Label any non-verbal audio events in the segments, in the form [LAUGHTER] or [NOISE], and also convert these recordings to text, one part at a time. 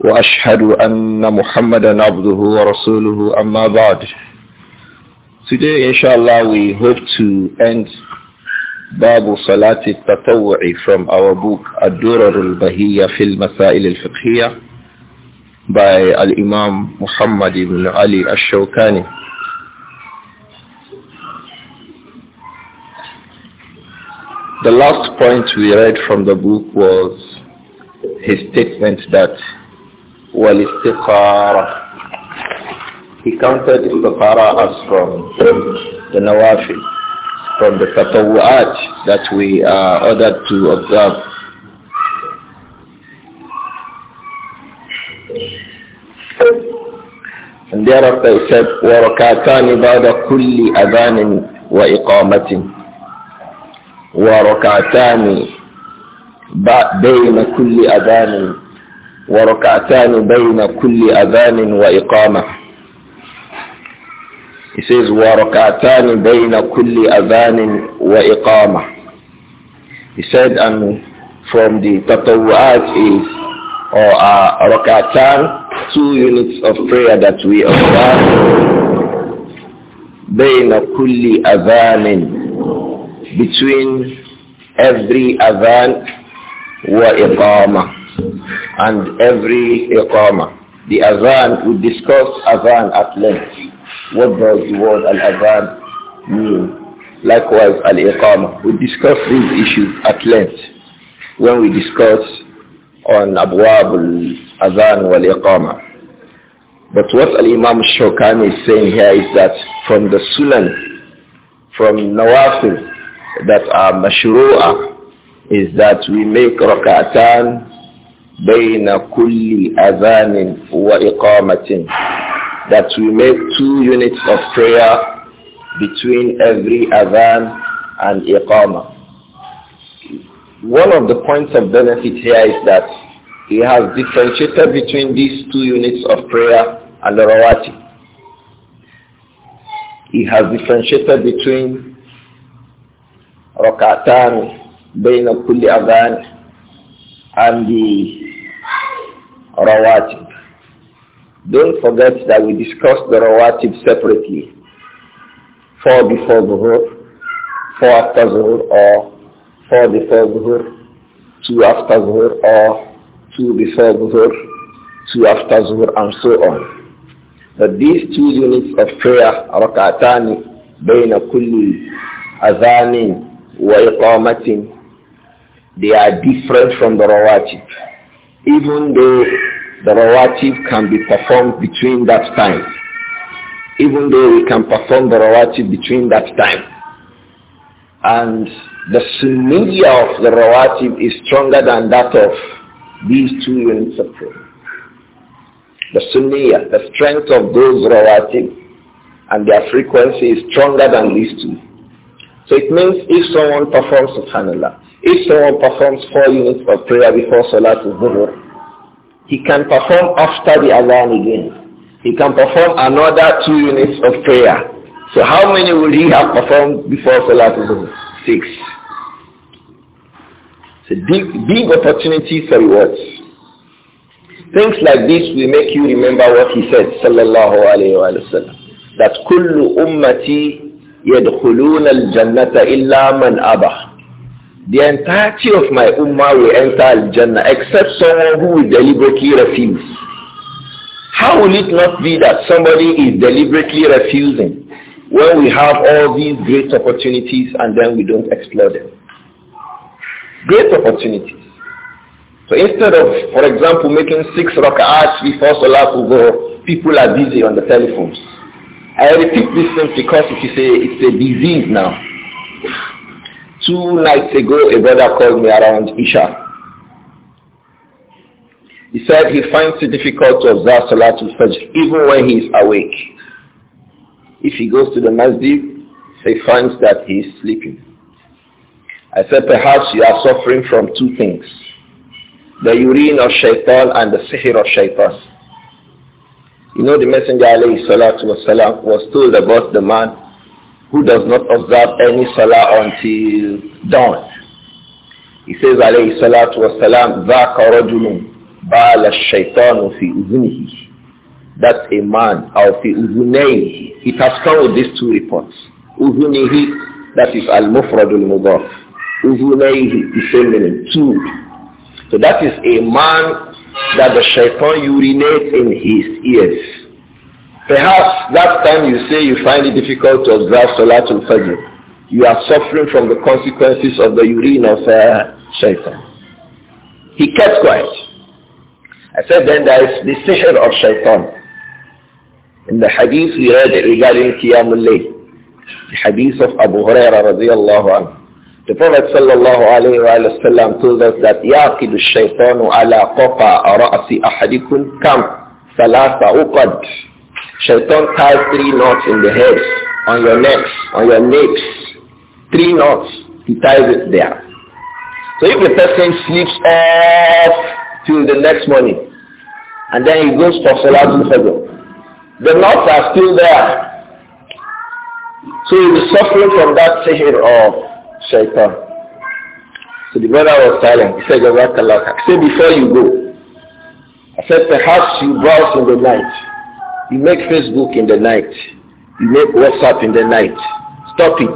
وأشهد أن محمدا عبده ورسوله أما بعد Today, inshallah, we hope to end Babu Salat al from our book Ad-Durar al-Bahiyya fil Masail al by imam Muhammad ibn Ali al The last point we read from the book was his statement that والاستخارة He counted istikhara as from the nawafil, from the tatawu'at that we are uh, ordered to observe. And thereafter it said, وَرَكَعْتَانِ بَعْدَ كُلِّ أَذَانٍ وَإِقَامَةٍ وركعتان بين كل أذان وركعتان بين كل أذان وإقامة He says وركعتان بين كل أذان وإقامة He said and from the tatawu'at is or uh, rakatan two units of prayer that we observe بين كل أذان between every أذان وإقامة and every Iqama, The azan, we discussed azan at length. What does the word al-azan mean? Likewise, al Iqama. We discussed these issues at length when we discussed on abwab al-azan wal Iqama. But what Al-Imam Shokani is saying here is that from the sunan, from nawafil that are mashru'ah, is that we make rak'atan بين كل أذان وإقامة that we make two units of prayer between every Adhan and Iqamah. One of the points of benefit here is that he has differentiated between these two units of prayer and the Rawati. He has differentiated between Rakatan, Bayna Kulli Adhan and the rawatib. Don't forget that we discussed the rawatib separately. Four before Zuhur, four after Zuhur, or four before Zuhur, two after Zuhur, or two before Zuhur, two after Zuhur, and so on. But these two units of prayer, rak'atani, bayna kulli azanin, wa iqamatin, they are different from the rawatib. Even though the rawatib can be performed between that time. Even though we can perform the rawatib between that time. And the sunniya of the rawatib is stronger than that of these two units of prayer. The sunniya, the strength of those rawatib and their frequency is stronger than these two. So it means if someone performs subhanallah, if someone performs four units of prayer before is over, he can perform after the Adhan again. He can perform another two units of prayer. So how many would he have performed before salah? Zuhur? Six. It's a big, big opportunity for rewards. Things like this will make you remember what he said, sallallahu alayhi wa sallam, that كل أمتي يدخلون الجنة إلا من أبى the entirety of my ummah will enter Al-Jannah except someone who will deliberately refuse. How will it not be that somebody is deliberately refusing when we have all these great opportunities and then we don't explore them? Great opportunities. So instead of, for example, making six rak'ahs before Salah to go, people are busy on the telephones. I repeat this thing because it is a, it's a disease now. Two nights ago, a brother called me around Isha. He said he finds it difficult to observe Salatul Fajr even when he is awake. If he goes to the masjid, he finds that he is sleeping. I said perhaps you are suffering from two things. The urine of shaitan and the sihir of shaitan. You know the Messenger alayhi salatu was told about the man who does not observe any salah until dawn. He says alayhi salatu wasalam, ذَاكَ رَجُلٌ بَالَ الشَّيْطَانُ فِي أُذُنِهِ That's a man, or فِي أُذُنَيْهِ It has come with these two reports. أُذُنِهِ, that is al-mufrad al-mudaf. أُذُنَيْهِ is same meaning, two. So that is a man that the shaitan urinates in his ears. Perhaps that time you say you find it difficult to observe Salatul Fajr. You are suffering from the consequences of the urine of uh, shaitan. He kept quiet. I said then there is the of shaitan. In the hadith we read regarding Qiyamul Layl, the hadith of Abu Huraira radiallahu anhu. The Prophet sallallahu alayhi wa sallam told us that يَعْقِدُ الشَّيْطَانُ عَلَى قَطَى رَأْسِ أَحَدِكُمْ كَمْ ثَلَاثَ أُقَدْ Shaitan ties three knots in the head, on your necks, on your lips. Three knots. He ties it there. So if the person sleeps off till the next morning, and then he goes for Salatul Fajr, the knots are still there. So he was suffering from that sihr of shaitan. So the brother was silent. He said, Jazakallah. I said, before you go, I said, perhaps you browse in the night. You make Facebook in the night. You make WhatsApp in the night. Stop it.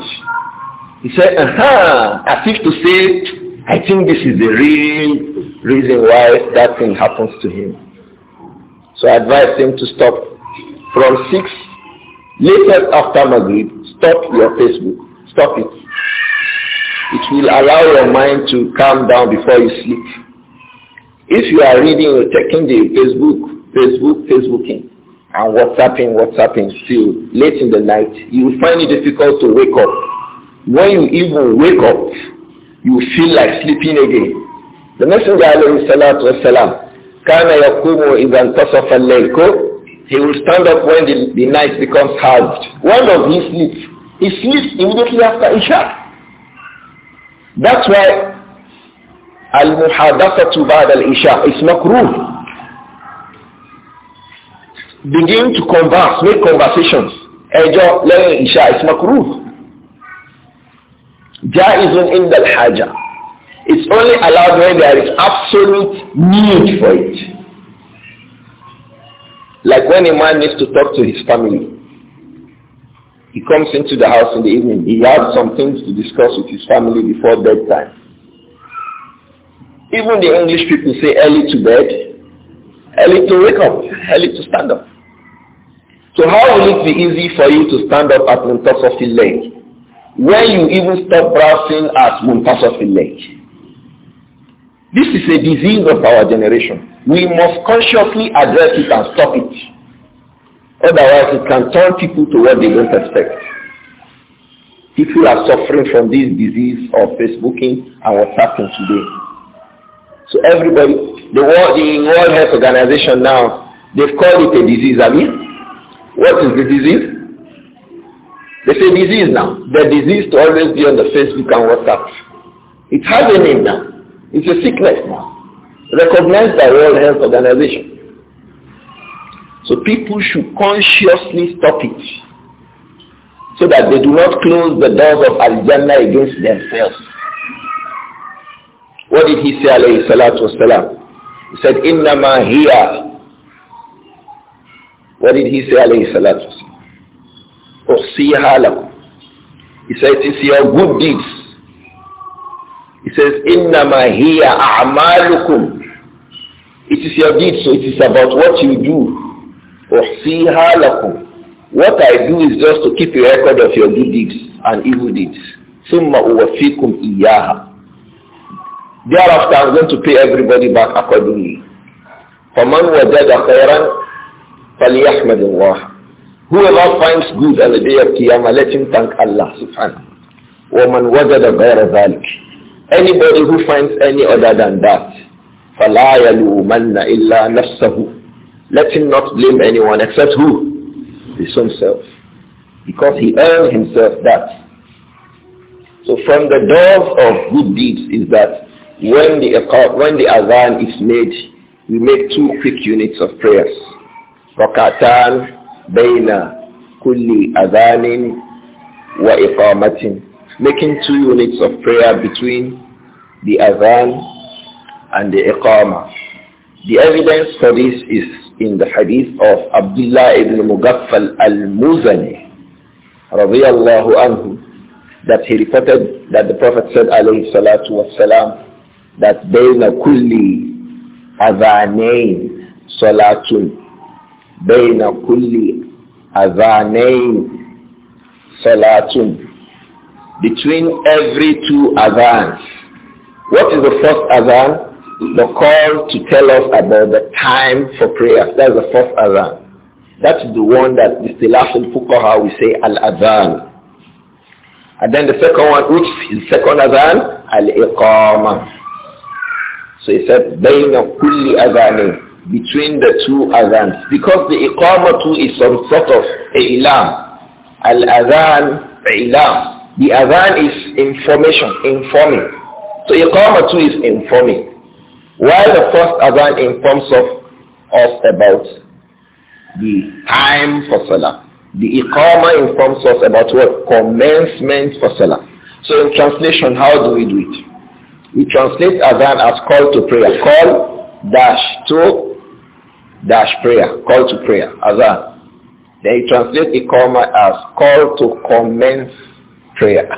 He said, aha, as if to say, I think this is the real reason why that thing happens to him. So I advised him to stop from 6, later after Maghrib, stop your Facebook. Stop it. It will allow your mind to calm down before you sleep. If you are reading or checking the Facebook, Facebook, Facebooking, and WhatsApping, WhatsApping still late in the night, you find it difficult to wake up. When you even wake up, you feel like sleeping again. The Messenger alayhi salatu wasalam, kana yakumu he will stand up when the, the night becomes halved. One of his sleep? He sleeps immediately after Isha. That's why al-muhadathatu ba'da al-Isha is makruh begin to converse, make conversations. Ẹjọ́ lẹ́yìn ìṣá is makruh. haja. It's only allowed when there is absolute need for it. Like when a man needs to talk to his family. He comes into the house in the evening. He has some things to discuss with his family before bedtime. Even the English people say early to bed, early to wake up, early to stand up. So how will it be easy for you to stand up at Muntasafil Lake when you even stop browsing at Montessori Lake? This is a disease of our generation. We must consciously address it and stop it. Otherwise, it can turn people to what they don't expect. People are suffering from this disease of Facebooking and what's happening today. So everybody, the World, the World Health Organization now, they've called it a disease, I mean, what is the disease? They say disease now. The disease to always be on the Facebook and WhatsApp. It has a name now. It's a sickness now. Recognized by World Health Organization. So people should consciously stop it so that they do not close the doors of Al-Jannah against themselves. What did he say alayhi salatu wasalam? He said, إِنَّمَا هِيَ what did he say, alayhi salatu wasalam? He says, it's your good deeds. He says, innama hiya a'malukum. It is your deeds, so it is about what you do. Uhsiha lakum. What I do is just to keep a record of your good deeds and evil deeds. Summa uwafikum iyaha. Thereafter, I'm going to pay everybody back accordingly. فَمَنْ وَجَدَ خَيْرًا فَلْيَحْمَدِ اللَّهِ Whoever finds good on the day of Qiyamah, let him thank Allah سبحانه. وَمَنْ وَجَدَ غَيْرَ ذَلِكِ Anybody who finds any other than that, فَلَا يَلُومَنَّ إِلَّا نَفْسَهُ Let him not blame anyone except who? His own self. Because he earned himself that. So from the doors of good deeds is that when the, when the adhan is made, we make two quick units of prayers baina kulli adhanin wa وإقامة making two units of prayer between the Adhan and the iqama. The evidence for this is in the hadith of Abdullah ibn Mughaffal al-Muzani radiyallahu anhu that he reported that the Prophet said alayhi salatu wassalam that bayna kulli adhanain salatun بين كل أذانين salatun between every two azan, What is the first azan? The call to tell us about the time for prayer. That's the first azan. That's the one that the Stilaf al-Fuqaha we say al-adhan. And then the second one, which is second adhan? Al-iqama. So he said, بين كل أذانين between the two adhans because the iqamatu is some sort of ilam. Al-adhan, ilam. The adhan is information, informing. So iqamatu is informing. While the first adhan informs of us about the time for salah. The iqama informs us about what? Commencement for salah. So in translation, how do we do it? We translate adhan as call to prayer. Call dash to dash prayer, call to prayer, azan. Then you translate ikoma as call to commence prayer.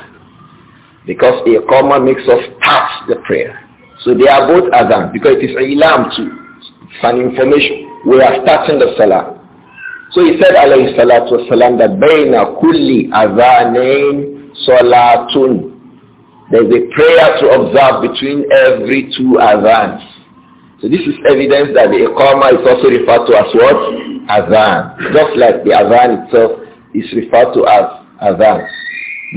Because comma makes us start the prayer. So they are both azan because it is ilam too. It's an information. We are starting the salah. So he said alayhi salatu wasalam that bayna kulli azanain salatun. There's a prayer to observe between every two azans. So this is evidence that the Iqama is also referred to as what? Adhan. Just like the Adhan itself is referred to as Adhan.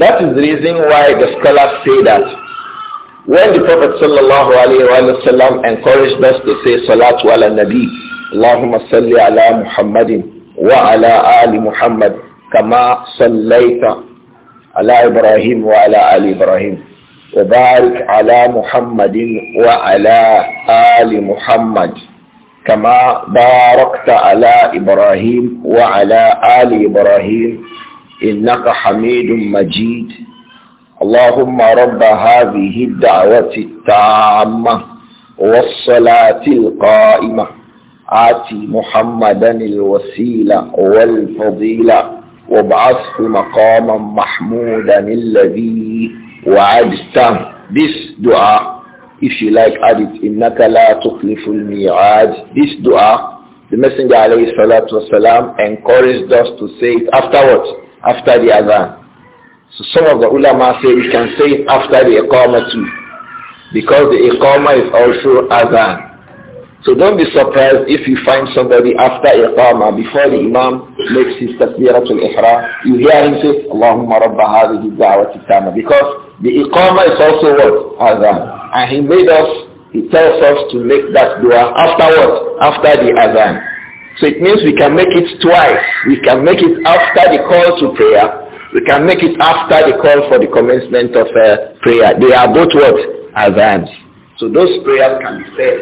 That is the reason why the scholars say that when the Prophet sallallahu alaihi wasallam encouraged us to say Salatu ala Nabi, Allahumma salli ala Muhammadin wa ala ali Muhammad kama sallaita ala Ibrahim wa ala ali Ibrahim. وبارك على محمد وعلى آل محمد كما باركت على إبراهيم وعلى آل إبراهيم إنك حميد مجيد اللهم رب هذه الدعوة التامة والصلاة القائمة آتي محمدا الوسيلة والفضيلة وابعثه مقاما محمودا الذي وَعَدْتَمْ This dua, if you like, add it, إِنَّكَ لَا تُخْلِفُ الْمِيعَادِ This dua, the Messenger alayhi salatu wasalam encouraged us to say it afterwards, after the adhan. So some of the ulama say we can say it after the iqama too, because the iqama is also adhan. So don't be surprised if you find somebody after Iqama, before the Imam makes his takbiratul ihra you hear him say, Allahumma rabba hadhihi da'wati tama. Because the Iqama is also what? Azan. And he made us, he tells us to make that dua after what? After the Azan. So it means we can make it twice. We can make it after the call to prayer. We can make it after the call for the commencement of uh, prayer. They are both what? Azans. So those prayers can be said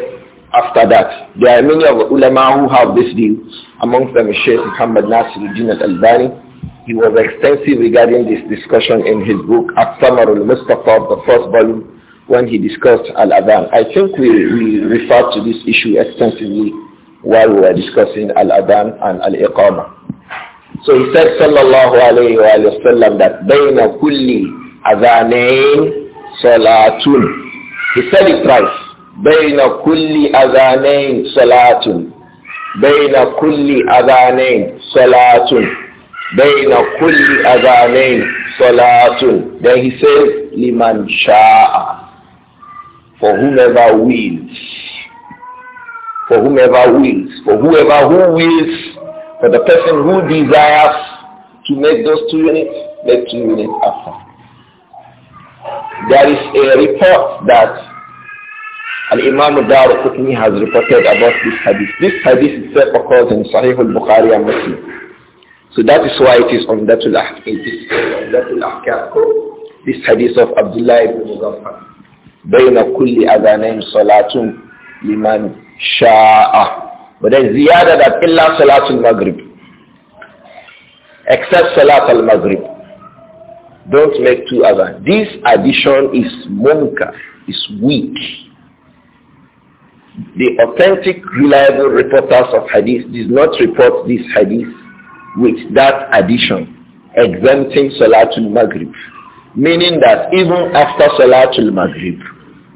after that. There are many of the ulama who have this view. Amongst them is Sheikh Muhammad Nasiruddin al-Albani he was extensive regarding this discussion in his book, at al Mustafa, the first volume, when he discussed Al-Adhan. I think we, we referred to this issue extensively while we were discussing Al-Adhan and Al-Iqamah. So he said, sallallahu alayhi wa sallam, that بَيْنَ كُلِّ أَذَانَيْن صَلَاتٌ He said it twice. بين كل أذانين صلاة بين كل أذانين salatun. بين كل أذانين صلاة then he says لمن شاء for whomever wills for whomever wills for whoever who wills for the person who desires to make those two units make two units after there is a report that Al-Imam Dar al has reported about this hadith. This hadith itself occurs in Sahih al-Bukhari and Muslim. So that is why it is on that this hadith of Abdullah ibn Muzaffar. بين كل أذانين صلاة لمن شاء. But then that illa salatul maghrib. Except salat al-maghrib. Don't make two other. This addition is munka. is weak. The authentic, reliable reporters of hadith did not report this hadith with that addition, exempting Salatul Maghrib. Meaning that even after Salatul Maghrib,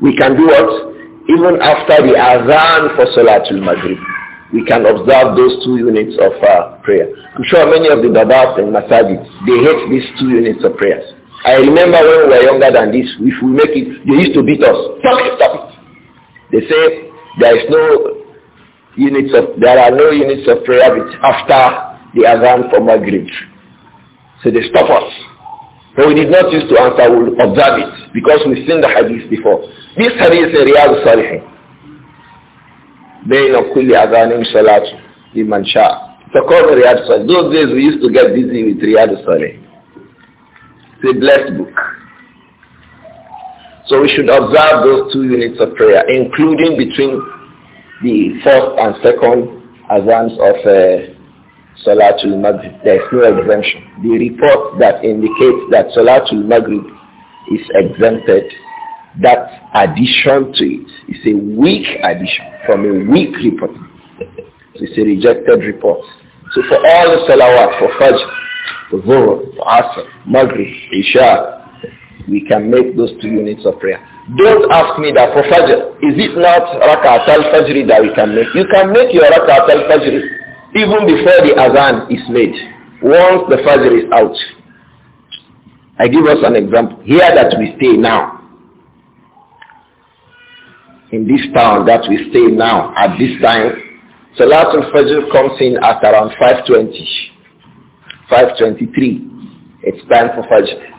we can do what? Even after the Azan for Salatul Maghrib, we can observe those two units of uh, prayer. I'm sure many of the Babas and Masajid, they hate these two units of prayers. I remember when we were younger than this, if we make it, they used to beat us. Stop it, stop it. They say there is no units of, there are no units of prayer after the Azan for Maghrib. So they stop us. But we did not use to answer, we will observe it because we've seen the hadith before. This hadith is Riyadh Salihin. بين كل أذان صلاة لمن شاء فقال رياض Salihin. those days we used to get busy with رياض Salihin. it's a blessed book so we should observe those two units of prayer including between the first and second azans of uh, Salatul Maghrib. There is no exemption. The report that indicates that Salatul Maghrib is exempted, that addition to it is a weak addition from a weak report. it's a rejected report. So for all the salawat, for Fajr, for Dhuhr, for Asr, Maghrib, Isha, we can make those two units of prayer. Don't ask me that for Fajr, is it not Rakatul al-Fajr that we can make? You can make your Rakatul al-Fajr even before the azan is made, once the fajr is out. I give us an example. Here that we stay now, in this town that we stay now at this time, Salatul Fajr comes in at around 5.20, 5.23. It's time for Fajr.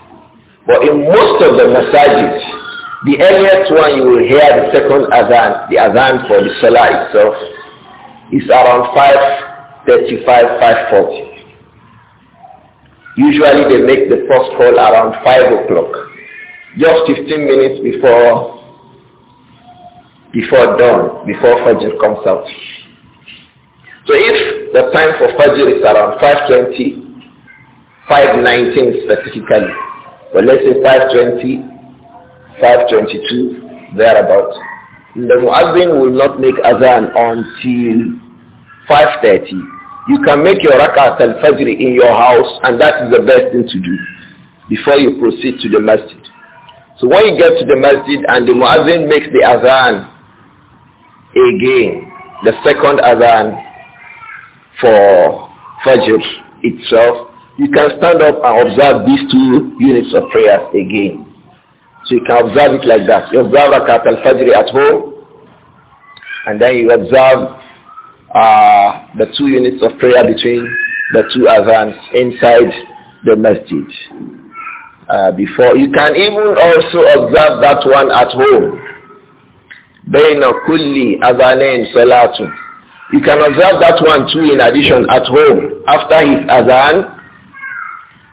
But in most of the masajid, the earliest one you will hear the second Azan, the Azan for the Salah itself, is around 5 35, 540. Usually they make the first call around 5 o'clock, just 15 minutes before before dawn, before Fajr comes out. So if the time for Fajr is around 5.20, 5.19 specifically, but let's say 5.20, 5.22, thereabouts, the Muazzin will not make Azan until 5.30 you can make your rakat al-fajr in your house and that is the best thing to do before you proceed to the masjid. So when you get to the masjid and the muazzin makes the azan again, the second azan for fajr itself, you can stand up and observe these two units of prayers again. So you can observe it like that. You observe Rakat al-Fajr at home, and then you observe the two units of prayer between the two Azans inside the masjid. Uh, before you can even also observe that one at home. Bayna kulli أذانين Salatu. You can observe that one too in addition at home after his Azan,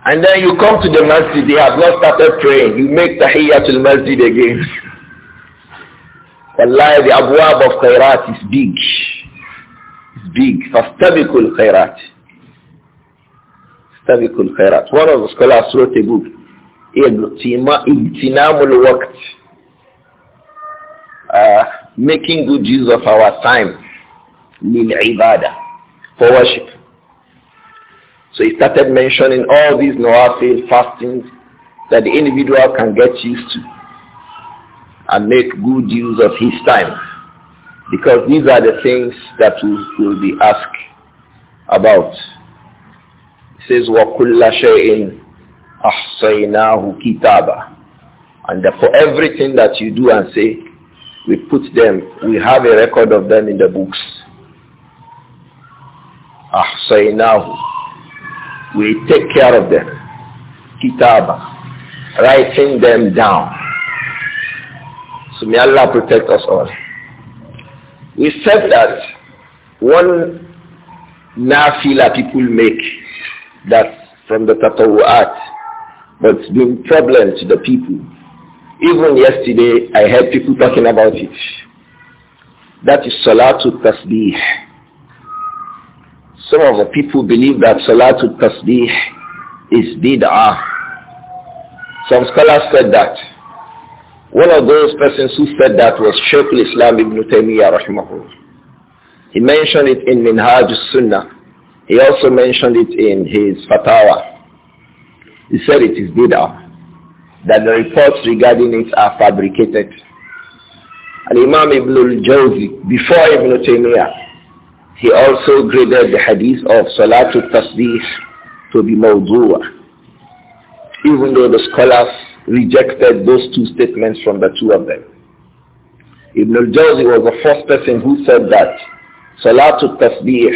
And then you come to the masjid, they have not started praying. You make tahiyyatul masjid again. [LAUGHS] Allah, the abwab of khairat is big big. Fastabikul khairat. Fastabikul khairat. One of the scholars wrote a book, Igtinamul Waqt. Uh, making good use of our time. Lil ibadah. For worship. So he started mentioning all these nawafil fastings that the individual can get used to and make good use of his time. Because these are the things that we will be asked about. It says, وَكُلَّ شَيْءٍ أَحْصَيْنَاهُ كِتَابًا And for everything that you do and say, we put them, we have a record of them in the books. أَحْصَيْنَاهُ We take care of them. كِتَابًا Writing them down. So may Allah protect us all. We said that one nafila people make that from the tatawu'at, but it's been problem to the people. Even yesterday, I heard people talking about it. That is Salatul Tasbih. Some of the people believe that Salatul Tasbih is bid'ah. Some scholars said that. One of those persons who said that was Shaykh al-Islam ibn Taymiyyah rahimahullah. He mentioned it in Minhaj sunnah He also mentioned it in his fatwa. He said it is bid'ah, that the reports regarding it are fabricated. And Imam Ibn al-Jawzi, before Ibn Taymiyyah, he also graded the hadith of Salatul Tasbih to be mawdu'ah even though the scholars rejected those two statements from the two of them. Ibn al-Jawzi was the first person who said that Salatul Tasbih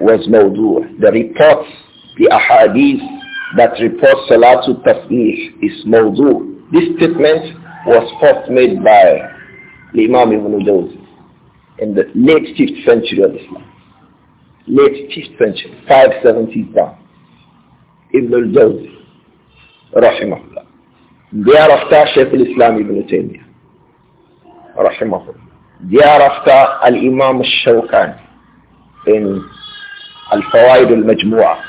was mawdu'. The reports, the ahadith that report Salatul Tasbih is mawdu'. This statement was first made by Imam Ibn al-Jawzi in the late 5th century of Islam. Late 5th century, five seventy five. down. Ibn al-Jawzi, rahimahullah. Thereafter, Shaykh al-Islam ibn Taymiyyah. Rahimahullah. Thereafter, Al-Imam al-Shawqan in Al-Fawaid al majmua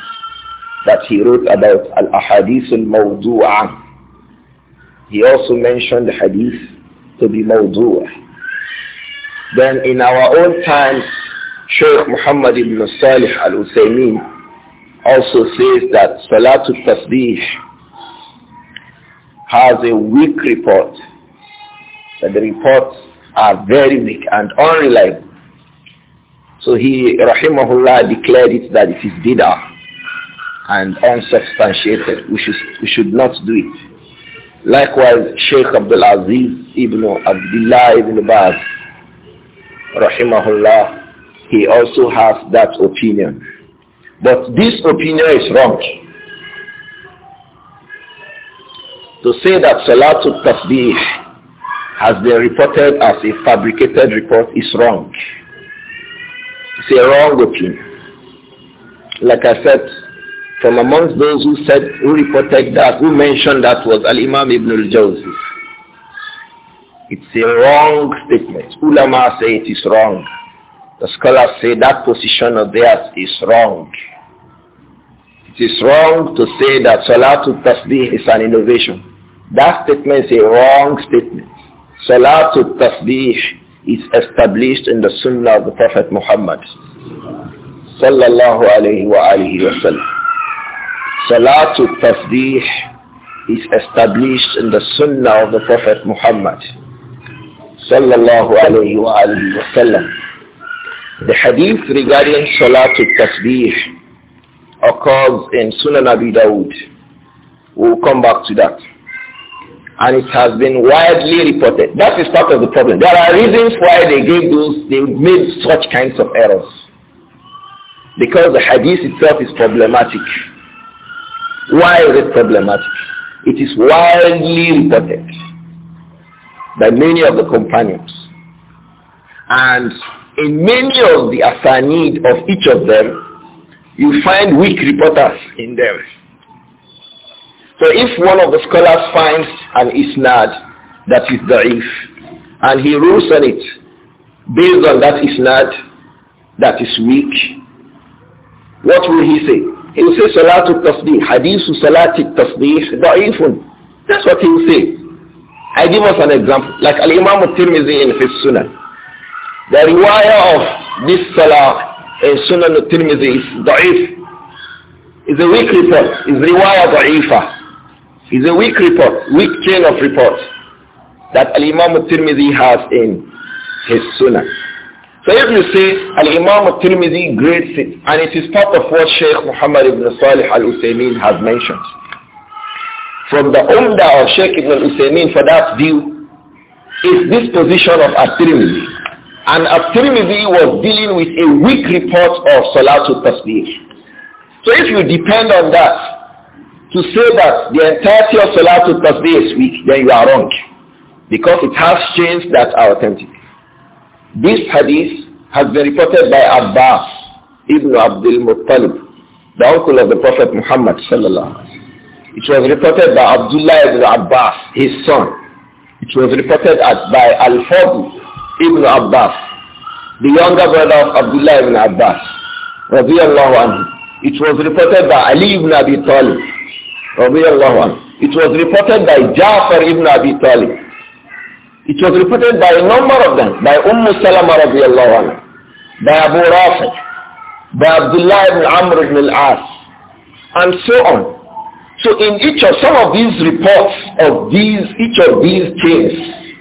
that he wrote about Al-Ahadith al-Mawdu'ah. He also mentioned the hadith to be mawdu'ah. Then in our own times, Shaykh Muhammad ibn Salih al-Uthaymeen also says that Salatul Tasbih has a weak report. That the reports are very weak and unreliable. So he, rahimahullah, declared it that it is bid'ah and unsubstantiated. We should, we should not do it. Likewise, Sheikh Abdul Aziz ibn Abdullah ibn Baz, rahimahullah, he also has that opinion. But this opinion is wrong. To say that Salatul Tasbih has been reported as a fabricated report is wrong. It's a wrong opinion. Like I said, from amongst those who said, who reported that, who mentioned that was Al-Imam Ibn al-Jawzi. It's a wrong statement. Ulama say it is wrong. The scholars say that position of theirs is wrong. It is wrong to say that Salatul Tasbih is an innovation. That statement is a wrong statement. Salatul Tasbih is established in the Sunnah of the Prophet Muhammad sallallahu alayhi wa alihi wa sallam. Salatul Tasbih is established in the Sunnah of the Prophet Muhammad sallallahu alayhi wa alihi wa sallam. The hadith regarding Salatul Tasbih occurs in Sunan Abi Dawud. We'll come back to that and it has been widely reported. That is part of the problem. There are reasons why they gave those, they made such kinds of errors. Because the hadith itself is problematic. Why is it problematic? It is widely reported by many of the companions. And in many of the asanid of each of them, you find weak reporters in them. So if one of the scholars finds an isnad that is da'if, and he rules on it based on that isnad that is weak, what will he say? He will say salatu tasbih, hadithu salati tasbih da'ifun. That's what he will say. I give us an example, like Al-Imam al-Tirmidhi in his Sunan. The riwayah of this salah in Sunan al-Tirmidhi is da'if. It's a weak report. It's riwayah daifah. It's a weak report, weak chain of reports that Al-Imam al-Tirmidhi has in his Sunnah. So if you say Al-Imam al-Tirmidhi grades it, and it is part of what Sheikh Muhammad ibn Salih al-Uthaymeen has mentioned. From the Umdah of Sheikh ibn al-Uthaymeen for that view is this position of Al-Tirmidhi. And Al-Tirmidhi was dealing with a weak report of Salatul Tasbih. So if you depend on that, to say that the entirety of Salatul Tasbih is weak, then you are wrong. Because it has chains that are authentic. This hadith has been reported by Abbas ibn Abdul Muttalib, the uncle of the Prophet Muhammad sallallahu It was reported by Abdullah ibn Abbas, his son. It was reported by Al-Fadl ibn Abbas, the younger brother of Abdullah ibn Abbas. It was reported by Ali ibn Abi Talib, it was reported by Ja'far ibn Abi Talib. It was reported by a number of them, by Umm Salama radiallahu anha, by Abu Rafi, by Abdullah ibn Amr ibn al-As, and so on. So in each of some of these reports of these, each of these chains,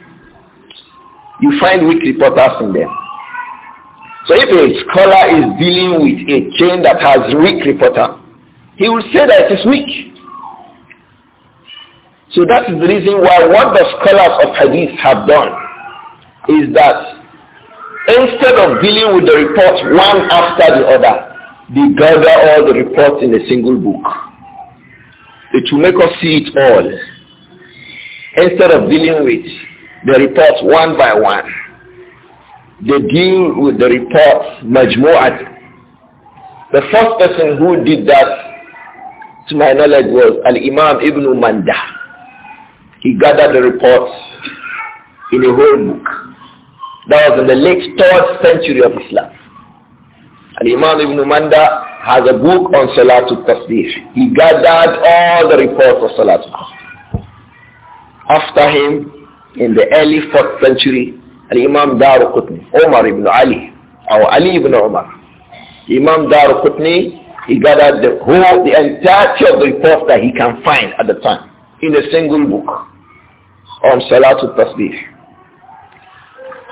you find weak reporters in them. So if a scholar is dealing with a chain that has weak reporter, he will say that it is weak. So that is the reason why what the scholars of hadith have done is that instead of dealing with the reports one after the other, they gather all the reports in a single book. It will make us see it all. Instead of dealing with the reports one by one, they deal with the reports majmu'at. The first person who did that, to my knowledge, was Al-Imam Ibn Mandah. He gathered the reports in a whole book. That was in the late 3rd century of Islam. And Imam Ibn Manda has a book on Salatul Tasbih. He gathered all the reports of Salatul Tasbih. After him, in the early 4th century, Imam Dar Qutni, Omar ibn Ali, or Ali ibn Omar. Imam Dar Qutni, he gathered the whole, the entirety of the reports that he can find at the time in a single book on Salatul Tasbih.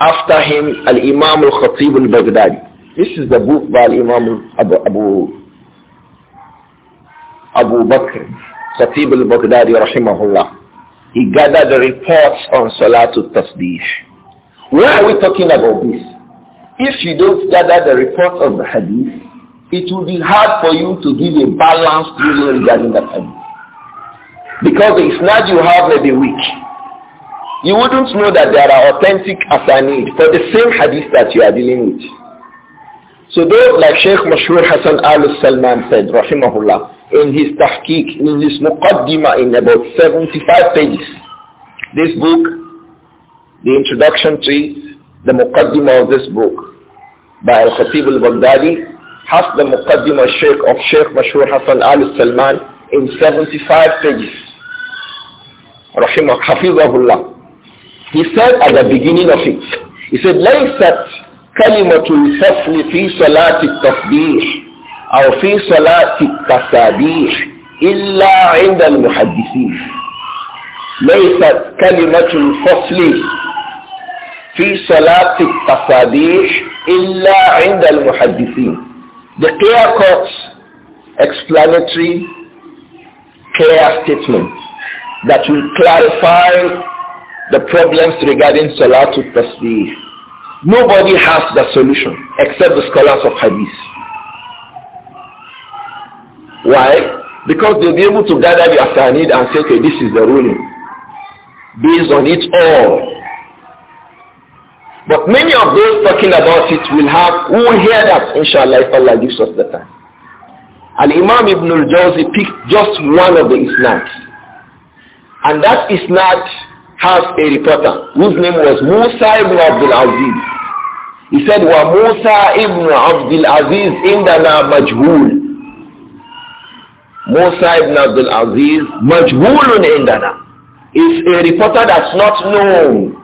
After him, Al-Imam Al-Khatib Al-Baghdadi. This is the book by Al-Imam Abu, Abu, Abu Bakr, Khatib Al-Baghdadi Rahimahullah. He gathered the reports on Salatul Tasbih. Why are we talking about this? If you don't gather the reports of the hadith, it will be hard for you to give a balanced view regarding the hadith. Because the isnad you have may be weak you wouldn't know that there are authentic asanid for the same hadith that you are dealing with. So those like Sheikh Mashur Hassan al-Salman said, rahimahullah, in his tahqiq, in his muqaddima in about 75 pages, this book, the introduction to it, the muqaddima of this book by Al-Khatib al-Baghdadi, has the muqaddima Sheikh of Sheikh Mashur Hassan al-Salman in 75 pages. Rahimah, hafizahullah. He said at the beginning of it, he said, ليست كلمة الفصل في صلاة التفبيح أو في صلاة التسابيح إلا عند المحدثين. ليست كلمة الفصل في صلاة التسابيح إلا عند المحدثين. The clear-cut explanatory clear statement that will clarify the problems regarding Salatul Tasbih. Nobody has the solution except the scholars of Hadith. Why? Because they'll be able to gather the Asanid and say, okay, this is the ruling. Based on it all. But many of those talking about it will have, who will hear that, inshallah, if Allah gives us the time. And imam Ibn al-Jawzi picked just one of the isnads, And that not has a reporter whose name was Musa ibn Abdul Aziz. He said, Wa Musa ibn Abdul Aziz indana majhul. Musa ibn Abdul Aziz majhulun indana. Is a reporter that's not known.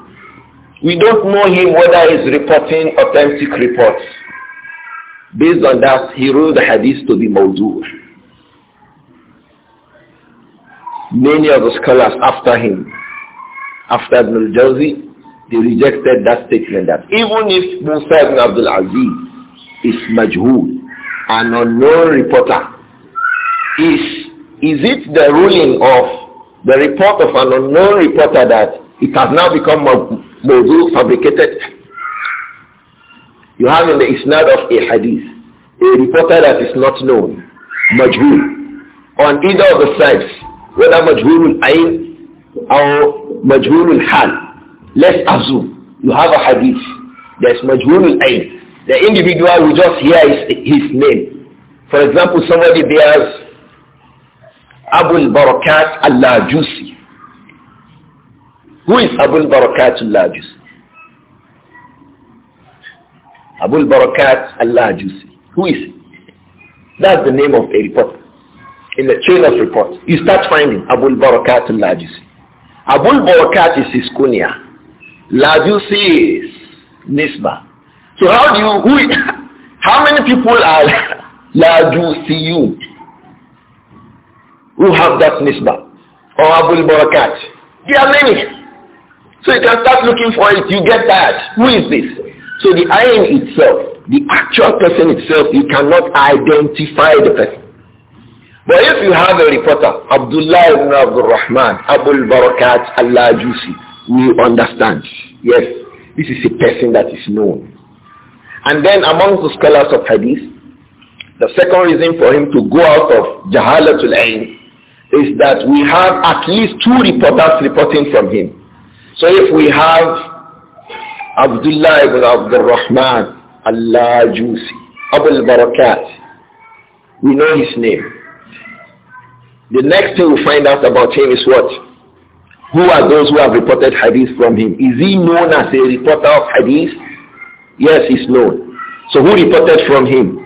We don't know him whether he's reporting authentic reports. Based on that, he wrote the hadith to be mawdu'. Many of the scholars after him after Ibn al-Jawzi, they rejected that statement that even if Musa ibn Abdul Aziz is majhul, an unknown reporter, is, is it the ruling of the report of an unknown reporter that it has now become Majhul, fabricated? You have in the isnad of a hadith, a reporter that is not known, majhul, on either of the sides, whether majhul ayn أو مجهول الحال let's assume you have a hadith there's majhul al-ayn the individual who just hear his, his name for example somebody bears Abu al-Barakat al-Lajusi who is Abu al-Barakat al-Lajusi Abu al-Barakat al-Lajusi who is it? that's the name of a report in the chain of reports you start finding Abu al-Barakat al-Lajusi Abul is his kunya. Lajusi is Nisba. So how do you, who, [LAUGHS] how many people are [LAUGHS] you? who have that Nisba or Abul There are many. So you can start looking for it. You get that. Who is this? So the iron itself, the actual person itself, you cannot identify the person. But if you have a reporter, Abdullah ibn Abdul Rahman, Abul Barakat al-Lajusi, we understand. Yes, this is a person that is known. And then among the scholars of hadith, the second reason for him to go out of Jahalatul Ain is that we have at least two reporters reporting from him. So if we have Abdullah ibn Abdul Rahman, Allah Jusi, Abul Barakat, we know his name. The next thing we find out about him is what? Who are those who have reported hadith from him? Is he known as a reporter of hadith? Yes, he's known. So who reported from him?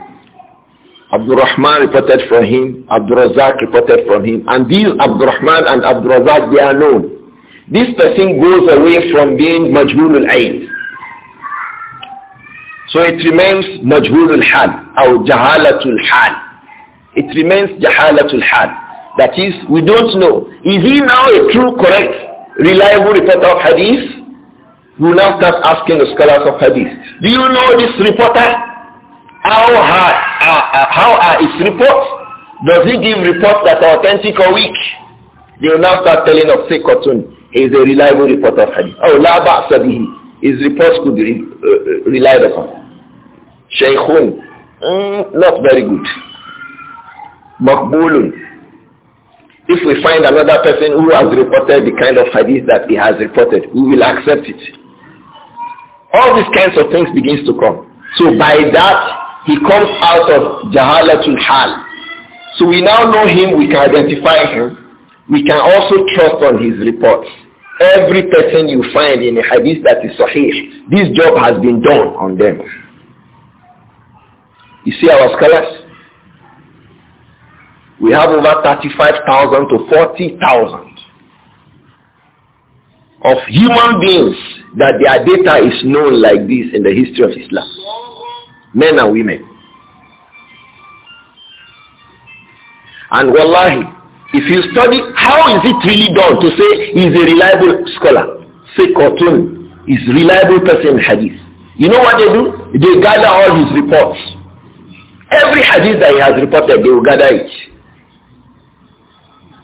Abdul Rahman reported from him, Abdul Razak reported from him, and these Abdul Rahman and Abdul Razak, they are known. This person goes away from being Majhul al-Ayn. So it remains Majhul al-Hal, or Jahalatul Hal. It remains Jahalatul Hal. That is, we don't know. Is he now a true, correct, reliable reporter of hadith? We will now start asking the scholars of hadith. Do you know this reporter? How are, how are his reports? Does he give reports that are authentic or weak? They will now start telling of Sheikh Qatun, he is a reliable reporter of hadith. Oh, la ba'sa bihi. His reports could be uh, uh relied upon. Shaykhun, mm, not very good. Makbulun, if we find another person who has reported the kind of hadith that he has reported, we will accept it. All these kinds of things begins to come. So by that, he comes out of Jahalatul Hal. So we now know him, we can identify him. We can also trust on his reports. Every person you find in a hadith that is sahih, this job has been done on them. You see our scholars? we have over 35,000 to 40,000 of human beings that their data is known like this in the history of Islam. Men and women. And wallahi, if you study how is it really done to say he's a reliable scholar, say Qatun is reliable person in hadith. You know what they do? They gather all his reports. Every hadith that he has reported, they will gather it.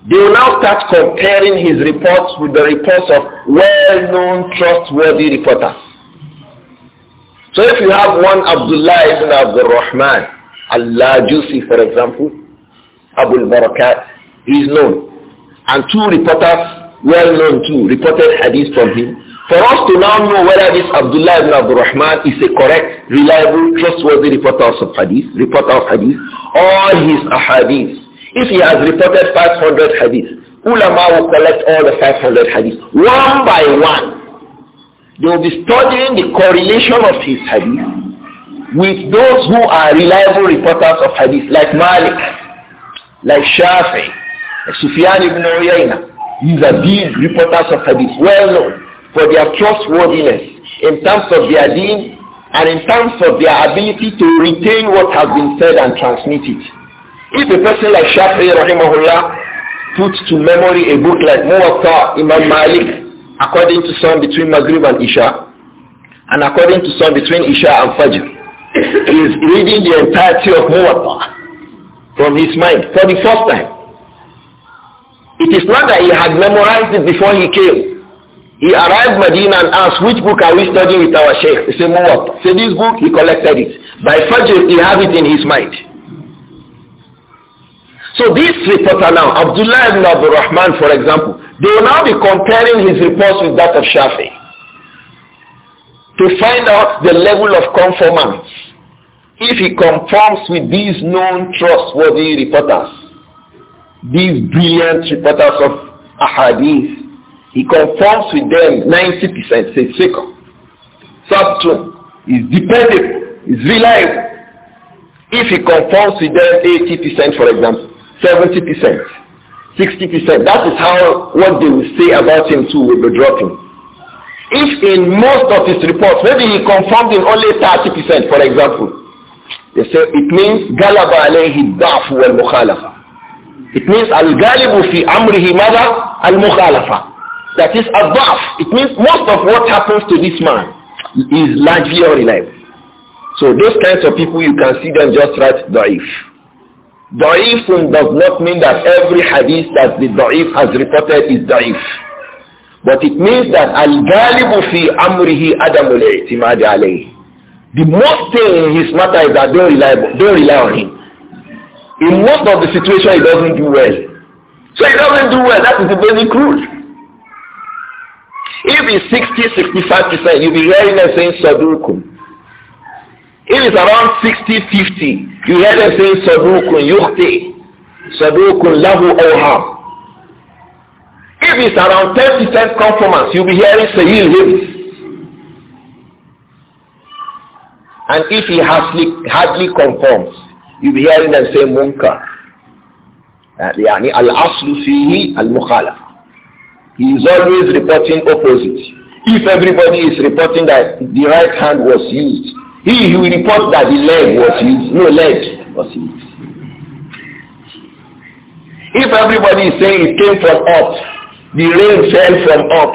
They will now start comparing his reports with the reports of well-known trustworthy reporters. So if you have one Abdullah ibn Abdul Rahman, Allah Jusi for example, Abu al-Barakat, he is known. And two reporters, well-known too, reported hadith from him. For us to now know whether this Abdullah ibn Abdul Rahman is a correct, reliable, trustworthy reporter of hadith, reporter of hadith, all his ahadith. If he has reported 500 hadith, ulama will collect all the 500 hadith, one by one. They will be studying the correlation of his hadith with those who are reliable reporters of hadith, like Malik, like Shafi, like Sufyan ibn Uyayna. These are big reporters of hadith, well known for their trustworthiness in terms of their deen and in terms of their ability to retain what has been said and transmit it. If a person like Shafi'i rahimahullah puts to memory a book like Muwatta Imam Malik, according to some between Maghrib and Isha, and according to some between Isha and Fajr, he is reading the entirety of Muwatta from his mind for the first time. It is not that he had memorized it before he came. He arrived Medina and asked, which book are we studying with our sheikh? He said, Muwatta. He this book, he collected it. By Fajr, he had it in his mind. So this reporter now, Abdullah ibn Abdul Rahman, for example, they will now be comparing his reports with that of Shafi to find out the level of conformance. If he conforms with these known trustworthy reporters, these brilliant reporters of Ahadith, he conforms with them 90% say second. Subtrue is dependable, is reliable. If he conforms with them 80% for example, 70%, 60%. That is how what they will say about him too will be dropping. If in most of his reports, maybe he confirmed in only 30%, for example, they say it means غلب عليه الضعف والمخالفة. It means الغالب في أمره ماذا؟ المخالفة. That is a ضعف. It means most of what happens to this man is largely unreliable. So those kinds of people, you can see them just write ضعيف. Da'ifun does not mean that every hadith that the da'if has reported is da'if. But it means that al-galibu fi amrihi adamul i'timadi alayhi. The most thing in his matter is that don't rely, don't rely on him. In most of the situation, he doesn't do well. So he doesn't do well. That is the basic rule. If he's 60, 65%, you'll be hearing a saying sadukum. If it's around 60, 50, you hear them saying Sadukun Yukhti, Sadukun Lahu Oham. If it's around 10% conformance, you'll be hearing Sahil Hibs. And if he hardly, hardly conforms, you'll be hearing them say Munkar. يعني الأصل فيه المخالفة. He is always reporting opposite. If everybody is reporting that the right hand was used, he will report that the leg was his, No leg was his. If everybody is saying it came from up, the rain fell from up,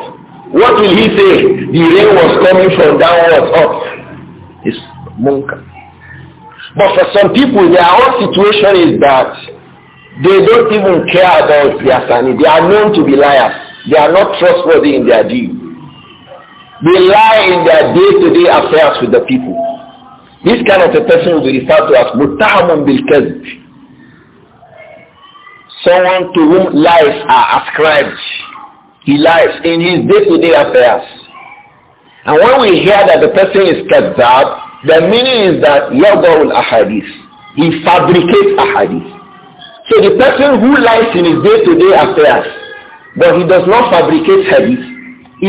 what will he say? The rain was coming from downwards up. It's munka. But for some people, their own situation is that they don't even care about their sanity. They are known to be liars. They are not trustworthy in their deal. They lie in their day to -day affairs with the people. This kind of a person will be referred to as mutahamun bil -kazb. Someone to whom lies are ascribed. He lies in his day-to-day affairs. And when we hear that the person is kazab, the meaning is that yadawul ahadith. He fabricates ahadith. So the person who lies in his day-to-day affairs, but he does not fabricate hadith,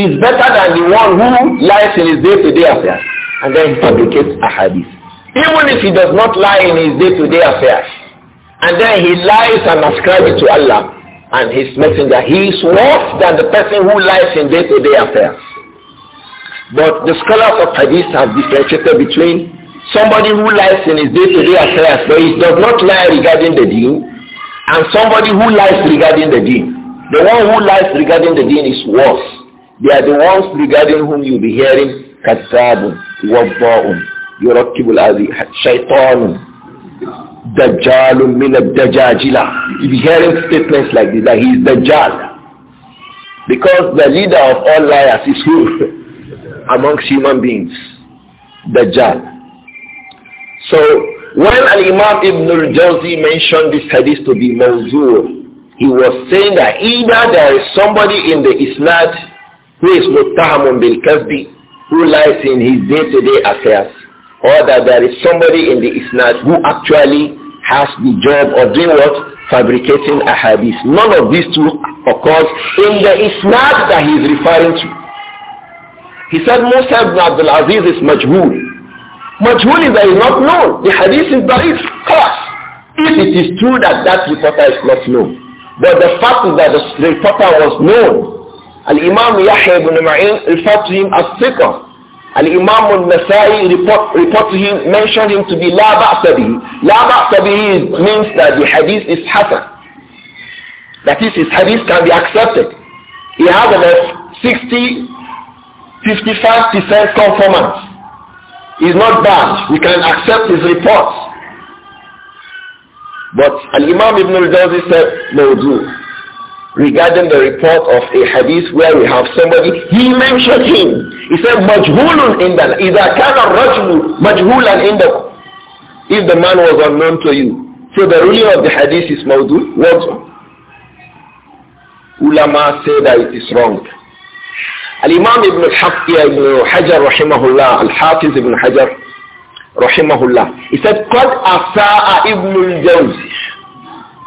is better than the one who lies in his day to -day affairs and then he fabricates a hadith. Even if he does not lie in his day-to-day affairs, and then he lies and ascribes it to Allah and his messenger, he is worse than the person who lies in day-to-day affairs. But the scholars of hadith have differentiated between somebody who lies in his day-to-day affairs, but he does not lie regarding the deen, and somebody who lies regarding the deen. The one who lies regarding the deen is worse. They are the ones regarding whom you'll be hearing, Katabun. وضاء يركب الأذي شيطان دجال من الدجاجلة you hear hearing statements like this that he is Dajjal because the leader of all liars is who [LAUGHS] amongst human beings Dajjal so when imam Ibn al-Jawzi mentioned this hadith to be mawzur he was saying that either there is somebody in the Isnad who is muttahamun bil-kazbi who lies in his day-to-day affairs or that there is somebody in the Islam who actually has the job of doing what? Fabricating a hadith. None of these two occurs in the Islam that he is referring to. He said Musa ibn Abdul Aziz is majhul. Majhul is that is not known. The hadith is da'if. Class. If it is true that that reporter is not known. But the fact is that the reporter was known Al-Imam Yahya ibn Ma'in referred to him as Sikh. Al-Imam al-Nasai report, to him, mentioned him to be La Ba'sabihi. La Ba'sabihi means that the hadith is Hasan. That is, his hadith can be accepted. He has about 60, 55% conformance. is not bad. We can accept his reports. But Al-Imam Ibn al-Jawzi said, no, do regarding the report of a hadith where we have somebody, he mentioned him. He said, Majhulun indan. Iza kana majhulan If the man was unknown to you. So the ruling of the hadith is mawdu. What? Ulama say that it is wrong. Al-Imam Ibn al Ibn Hajar, rahimahullah, Al-Hafiz Ibn Hajar, rahimahullah. He said, قد أساء ibn الجوزي.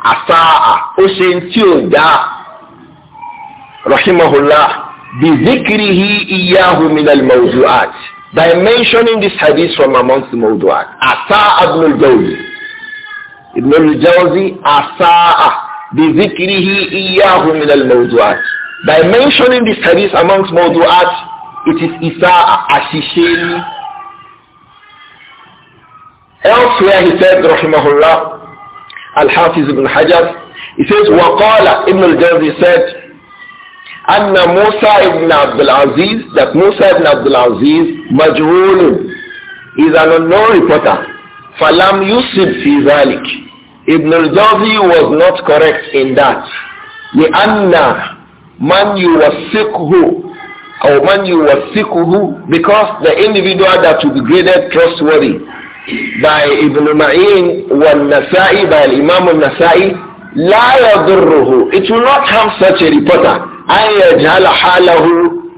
Asa'a, ó rahimahullah By mentioning this hadith from amongst the mawdu'at. Asa Ibn al-Jawzi. Ibn al-Jawzi, Asa'a. By mentioning this hadith amongst mawdu'at, it is Isa Ashisheni. Elsewhere he said, rahimahullah, Al-Hafiz ibn Hajar, he says, Waqala Ibn al-Jawzi said, Anna Musa ibn Abdul Aziz, that Musa ibn Abdul Aziz, Majrulun, is an unknown reporter. Falam Yusuf fi zalik. Ibn al was not correct in that. anna لأن من يوثقه or man you wasiquhu because the individual that will be graded trustworthy by Ibn Ma'in wal Nasa'i by the Imam of nasai la yadurruhu it will not have such a reporter أن يجعل حاله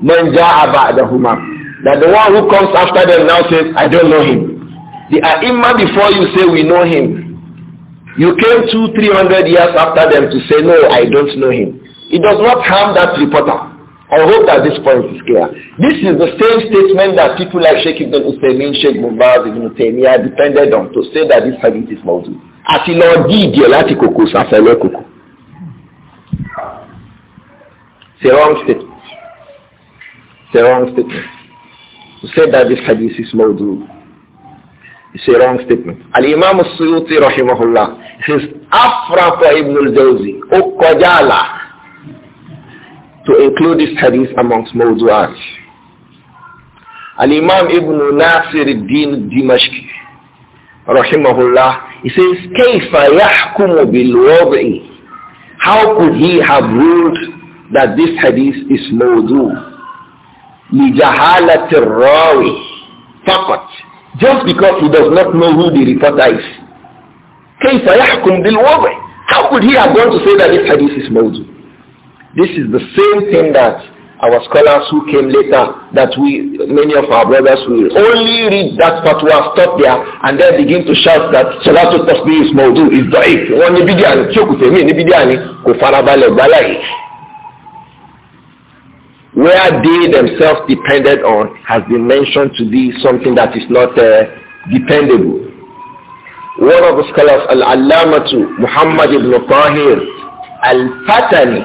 من جاء بعدهما that the one who comes after them now says I don't know him the Aima before you say we know him you came two three hundred years after them to say no I don't know him it does not harm that reporter I hope that this point is clear. This is the same statement that people like Sheikh Ibn Uthaymeen, Sheikh Mubarak, Ibn Taymiyyah depended on to say that this hadith is mawdu. Àti lọ dí ìdí kòkò sàfẹ́lẹ́ kòkò. It's a wrong statement. It's a wrong statement. To say that this hadith is mawdu, it's a wrong statement. Al-Imam al-Suyuti rahimahullah, says, Afraqa ibn al-Jawzi, Uqajala, to include this hadith amongst mawdu'at. Al-Imam ibn Nasir al-Din dimashqi rahimahullah, he says, كيف يحكم بالوضع? How could he have ruled that this hadith is mawdu لِجَهَالَةِ الرَّاوِي فَقَطْ Just because he does not know who the reporter is. كَيْفَ bil بِالْوَضْعِ How could he have gone to say that this hadith is mawdu? This is the same thing that our scholars who came later that we many of our brothers will only read that part, will stop there and then begin to shout that salatu tasbih is mawdu is da'if wọn ni bídíà ni tí kò tẹ̀mí kò farabalẹ̀ balai where they themselves depended on has been mentioned to be something that is not uh, dependable. One of the scholars, Al-Allamatu Muhammad ibn Tahir Al-Fatani,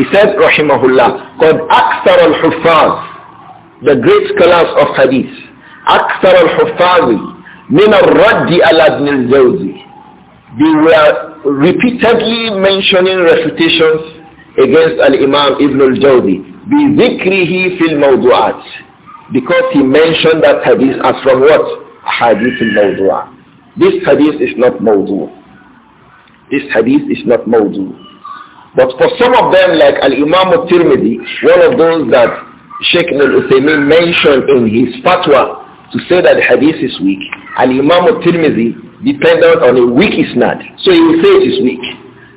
he said, Rahimahullah, called Akhtar al-Hufaz, the great scholars of Hadith, Akhtar al-Hufazi, min al-Raddi al-Adn al-Zawzi. They were repeatedly mentioning refutations against Al-Imam Ibn al-Jawzi بِذِكْرِهِ فِي الْمَوْضُعَاتِ Because he mentioned that hadith as from what? Hadith al This hadith is not Mawdu'. This hadith is not Mawdu'. But for some of them, like Al-Imam al-Tirmidhi, one of those that Sheikh al-Uthaymeen mentioned in his fatwa to say that the hadith is weak, Al-Imam al-Tirmidhi depended on a weak isnad. So he will say it is weak.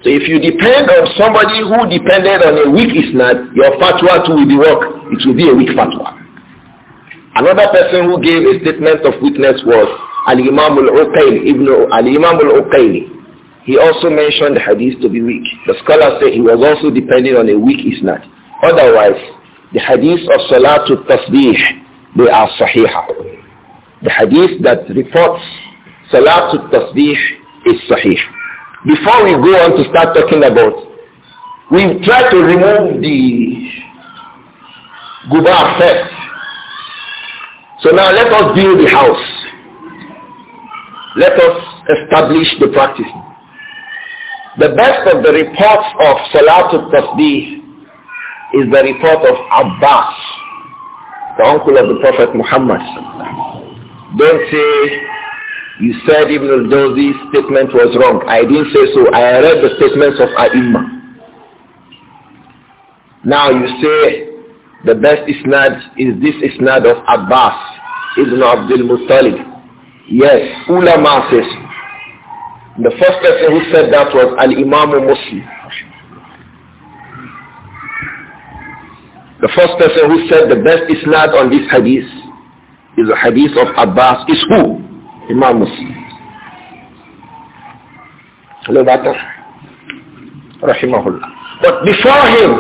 So if you depend on somebody who depended on a weak isnad, your fatwa too will be weak. It will be a weak fatwa. Another person who gave a statement of witness was Al-Imam al-Uqayli, Ibn Al-Imam al-Uqayli. He also mentioned the hadith to be weak. The scholars say he was also depending on a weak isnad. Otherwise, the hadith of Salatul Tasbih, they are sahihah. The hadith that reports Salatul Tasbih is sahih. Before we go on to start talking about, we try to remove the guba effect. So now let us build the house. Let us establish the practice. The best of the reports of Salatul Tasbih is the report of Abbas, the uncle of the Prophet Muhammad. Don't say you said even though this statement was wrong. I didn't say so. I read the statements of Aima. Now you say the best isnad is this isnad of Abbas Ibn Abdul Muttalib. Yes, ulama says. The first person who said that was Al-Imam Muslim. The first person who said the best isnad on this hadith is the hadith of Abbas is who? Imam Muslim. Rahimahullah. But before him,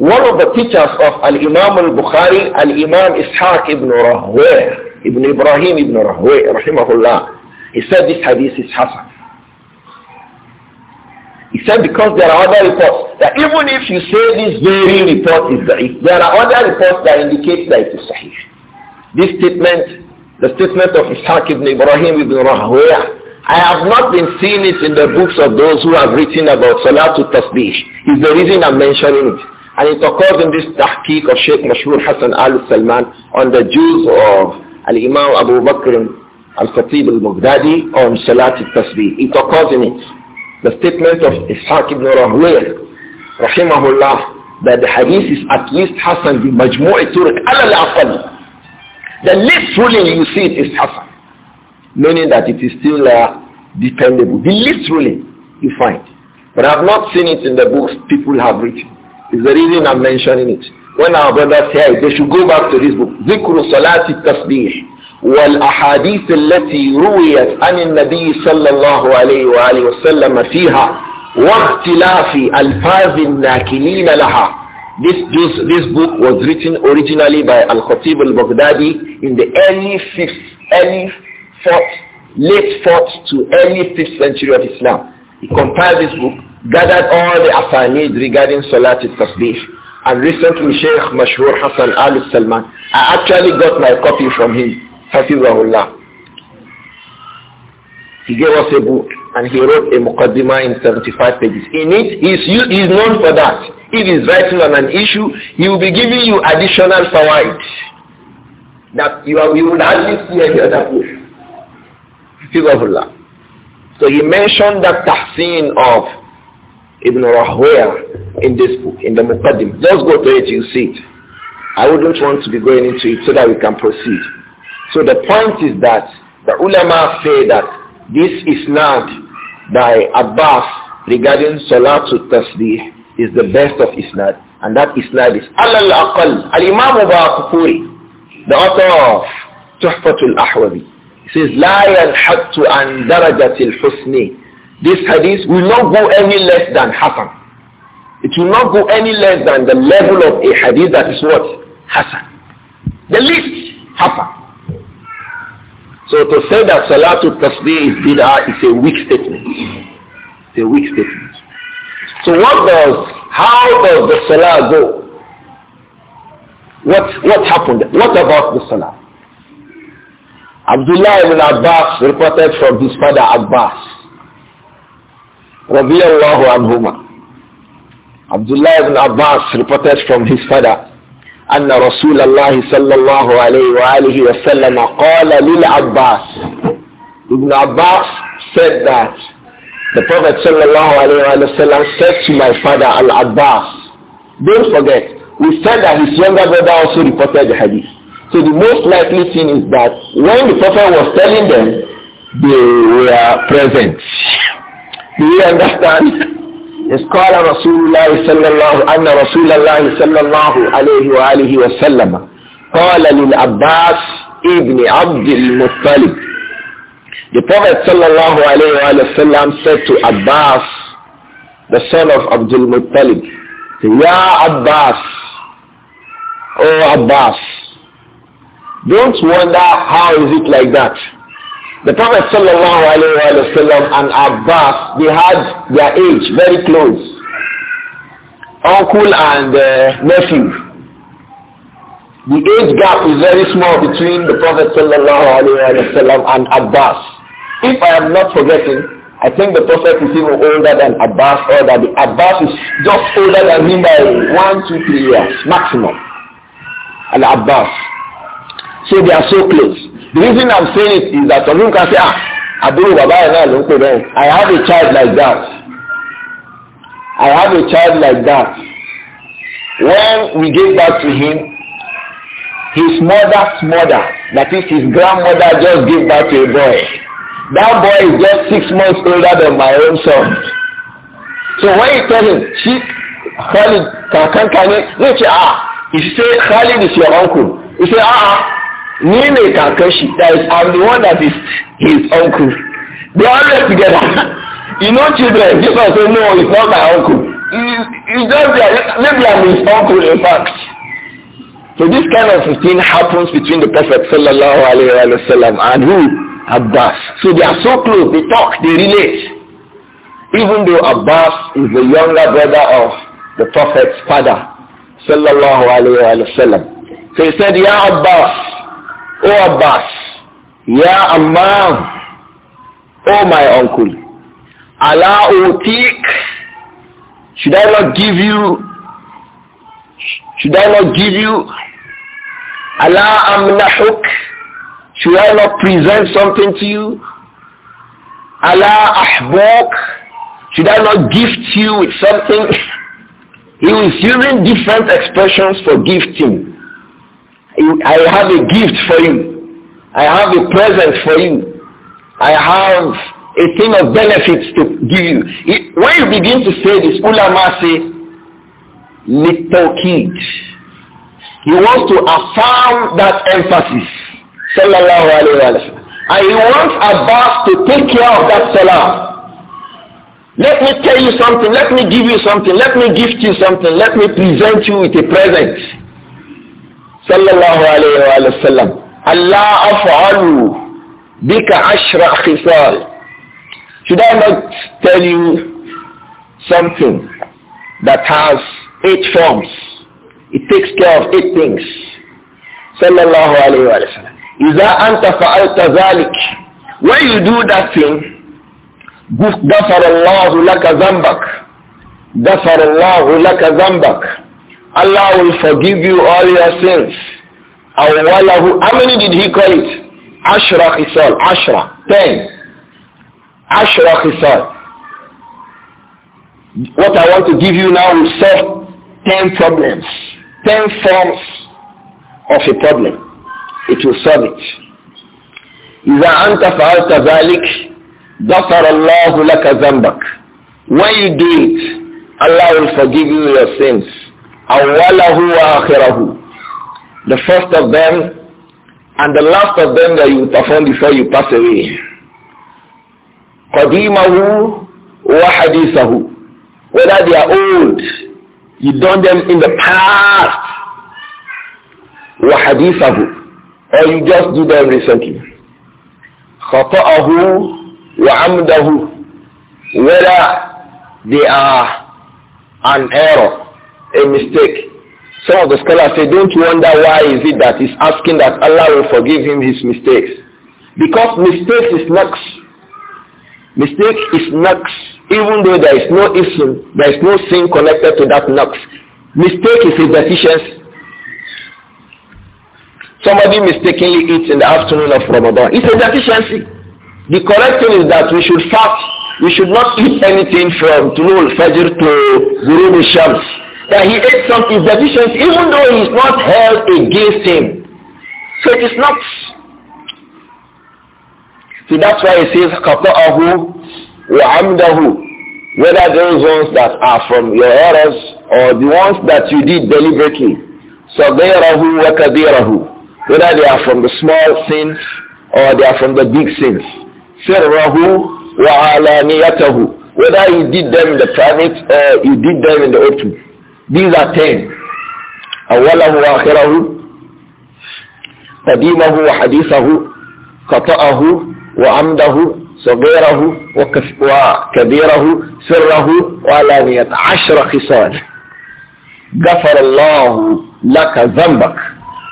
one of the teachers of Al-Imam al-Bukhari, Al-Imam Ishaq ibn Rahweh, Ibn Ibrahim ibn Rahweh, Rahimahullah, he said this hadith is Hasan. He said because there are other reports that even if you say this very report is da'if, there are other reports that indicate that it is sahih. This statement the statement of Ishaq ibn Ibrahim ibn Rahwaya. I have not been seeing it in the books of those who have written about Salatul Tasbih. Is the reason I'm mentioning it. And it occurs in this tahqiq of Sheikh Mashur Hassan al-Salman on the Jews of Al-Imam Abu Bakr al-Khatib al Mughdadi on Salatul tasbih It occurs in it. The statement of Ishaq ibn Rahwaya, rahimahullah, that the hadith is at least Hassan bi majmu'i turik al-aqal. The least ruling you see it is Hassan, meaning that it is still uh, dependable. The least ruling you find. But I've not seen it in the books people have written. It's the reason I'm mentioning it. When our brothers say they should go back to this book. ذكر صلاة التسبيح والأحاديث التي رويت عن النبي صلى الله عليه وآله وسلم فيها واختلاف ألفاظ الناكلين لها this, this, this book was written originally by Al-Khatib al-Baghdadi in the early 5th, early 4th, late 4th to early 5th century of Islam. He compiled this book, gathered all the asanid regarding Salat al-Tasbih. And recently Sheikh Mashhur Hassan al-Salman, I actually got my copy from him, Hafizahullah. He gave us a book and he wrote a Muqaddimah in 75 pages. In it, he's, he's known for that. If he's writing on an issue, he will be giving you additional fawaid that you, are, you will hardly see any other book. So he mentioned that tahsin of Ibn Rahwaya in this book, in the Muqaddim. Just go to it, you see it. I wouldn't want to be going into it so that we can proceed. So the point is that the ulama say that this is not by Abbas regarding Salatul Tasbih is the best of isnad, and that isnad is al aqal al-imam Bakufuri, the author of Tuhfatul al He says, لا ينحط عن darajatil husni." This hadith will not go any less than Hasan. It will not go any less than the level of a hadith that is what? Hasan. The least Hasan. So to say that Salatul Tasbih is bid'ah is a weak statement. It's a weak statement. So what does, how does the salah go? What, what happened? What about the salah? Abdullah ibn Abbas reported from his father Abbas. Radiallahu anhuma. Abdullah ibn Abbas reported from his father أن رسول الله صلى الله عليه وآله وسلم قال للعباس Ibn Abbas said that the Prophet sallallahu said to my father Al-Abbas, don't forget, we said that his younger brother also reported the hadith. So the most likely thing is that when the Prophet was telling them, they were present. [LAUGHS] Do you understand? It's called Rasulullah sallallahu صلى الله أن رسول الله صلى wa sallam. وآله وسلم abbas ibn ابن عبد المطلب the Prophet sallallahu alayhi wa said to Abbas, the son of Abdul Muttalib, Ya Abbas, Oh Abbas, don't wonder how is it like that. The Prophet sallallahu alayhi wa and Abbas, they had their age very close. Uncle and uh, nephew. The age gap is very small between the Prophet sallallahu alayhi wa and Abbas. If I am not forgetting, I think the prophet is even older than Abbas or that the Abbas is just older than him by one, two, three years maximum. And Abbas. So they are so close. The reason I'm saying it is that some people can say, ah, and I I have a child like that. I have a child like that. When we gave back to him, his mother's mother, that is his grandmother just gave back to a boy. That boy is just six months older than my own son. So when you tell him, she, Khalid, can can can you say, ah, you say Khalid is your uncle. You say, ah, ah Nile Kankashi, that is, I'm the one that is his uncle. They are always together. [LAUGHS] you know children, just say, no, it's not my uncle. He's just there, maybe I'm his uncle in fact. So this kind of thing happens between the Prophet sallallahu alayhi wa sallam and who? Abbas. So they are so close, they talk, they relate. Even though Abbas is the younger brother of the Prophet's father, sallallahu alayhi wa sallam. So he said, Ya Abbas, O Abbas, Ya Ammam, O my uncle, Allah utik, should I not give you, should I not give you, Allah amnahuk, should I not present something to you? Allah ahbok. Should I not gift you with something? [LAUGHS] he is using different expressions for gifting. I have a gift for you. I have a present for you. I have a thing of benefits to give you. when you begin to say this, ulama say, little kid. He wants to affirm that emphasis. Sallallahu alayhi wa sallam. And he wants Abbas to take care of that salah. Let me tell you something. Let me give you something. Let me gift you something. Let me present you with a present. Sallallahu alayhi wa sallam. Allah af'alu bika ashra khisal. Should I not tell you something that has eight forms? It takes care of eight things. Sallallahu alayhi wa sallam. إذا أنت فعلت ذلك when you do that thing غفر الله لك ذنبك غفر الله لك ذنبك Allah will forgive you all your sins how many did he call it عشرة خصال عشرة ten عشرة خصال what I want to give you now is solve ten problems ten forms of a problem it will solve it. إذا أنت فعلت ذلك غفر الله لك ذنبك. When you do it, Allah will forgive you your sins. أوله وآخره. The first of them and the last of them that you perform before you pass away. قديمه وحديثه. Whether they are old, you done them in the past. وحديثه or you just do them recently. خطأه وعمده Whether they are an error, a mistake. Some of the scholars say, don't wonder why is it that he's asking that Allah will forgive him his mistakes. Because mistake is naqs. Mistake is naqs. Even though there is no ism, there is no sin connected to that naqs. Mistake is a deficiency. Somebody mistakenly eats in the afternoon of Ramadan. It's a deficiency. The correct thing is that we should fast. We should not eat anything from Tulul Fajr to Gurub Shams. That he ate something deficient, even though he is not held against him. So it is not. See, that's why it says, Qata'ahu wa amdahu whether those ones that are from your errors or the ones that you did deliberately. wa وكبيره whether they are from the small sins or they are from the big sins. Whether you did them in the private or he did them in the open. These are ten. أوله وآخره قديمه وحديثه خطأه وعمده صغيره وكبيره سره وعلانيته عشر خصال غفر الله لك ذنبك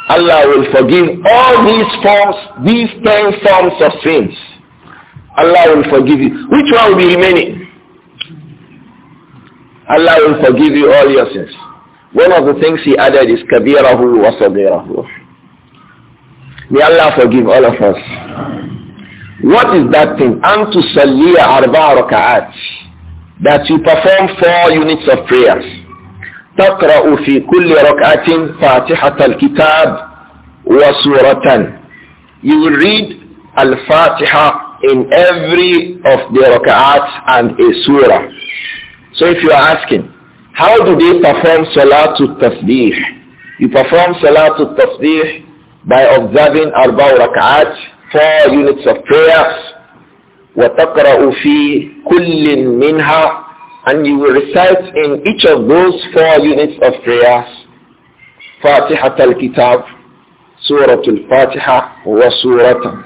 Allah will forgive all these forms, these ten forms of sins. Allah will forgive you. Which one will be remaining? Allah will forgive you all your sins. One of the things he added is kabirahu wa sabirahu. May Allah forgive all of us. What is that thing? Antu salliya arba raka'at. That you perform four units of prayers. تقرأ في كل ركعة فاتحة الكتاب وسورة You will read Al-Fatiha in every of the ركعات and a surah. So if you are asking, how do they perform Salatul Tasbih? You perform Salatul Tasbih by observing Arba ركعات, four units of prayers, وتقرأ في كل منها and you will recite in each of those four units of prayers Fatiha al-Kitab, Surah al-Fatiha, wa Surah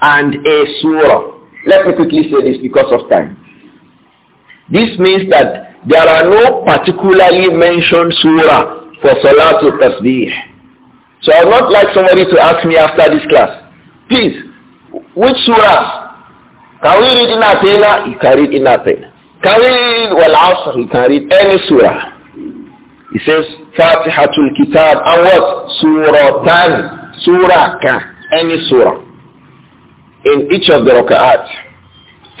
and a Surah. Let me quickly say this because of time. This means that there are no particularly mentioned Surah for Salatul Tasbih. So I would not like somebody to ask me after this class, please, which Surah? Can we read in Atena? You can read in Atena. Can read Wal Asr, he can read any surah. He says Fatihatul Kitab and what? Suratan, surah ka, any surah. In each of the raka'at.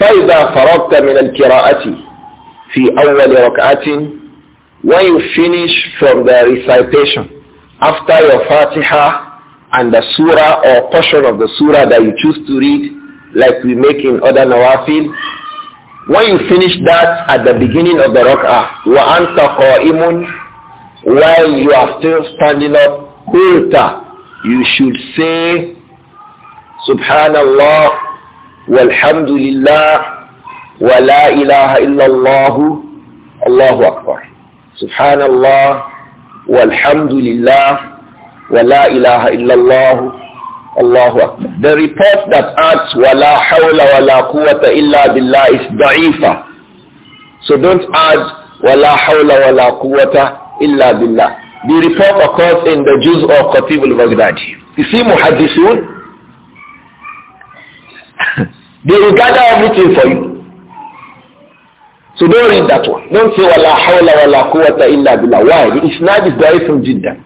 فَإِذَا فَرَقْتَ مِنَ الْكِرَاءَةِ فِي أَوَّلِ رَكْعَةٍ When you finish from the recitation, after your Fatiha and the surah or portion of the surah that you choose to read, like we make in other nawafil, when you finish that at the beginning of the rak'ah, وَأَنْتَ قَائِمٌ While you are still standing up, قُلْتَ You should say, Subhanallah, walhamdulillah, wa la ilaha illallah, Allahu Akbar. Subhanallah, walhamdulillah, wa la ilaha illallah, Allahu Akbar. The report that adds wala hawla wala quwwata illa billah is da'ifa. So don't add wala hawla wala quwwata illa billah. The report occurs in the Jews of Qatib al-Baghdadi. You see muhaddithun? [LAUGHS] they will gather everything for you. So don't read that one. Don't say wala hawla wala quwwata illa billah. Why? The not is from Jiddah.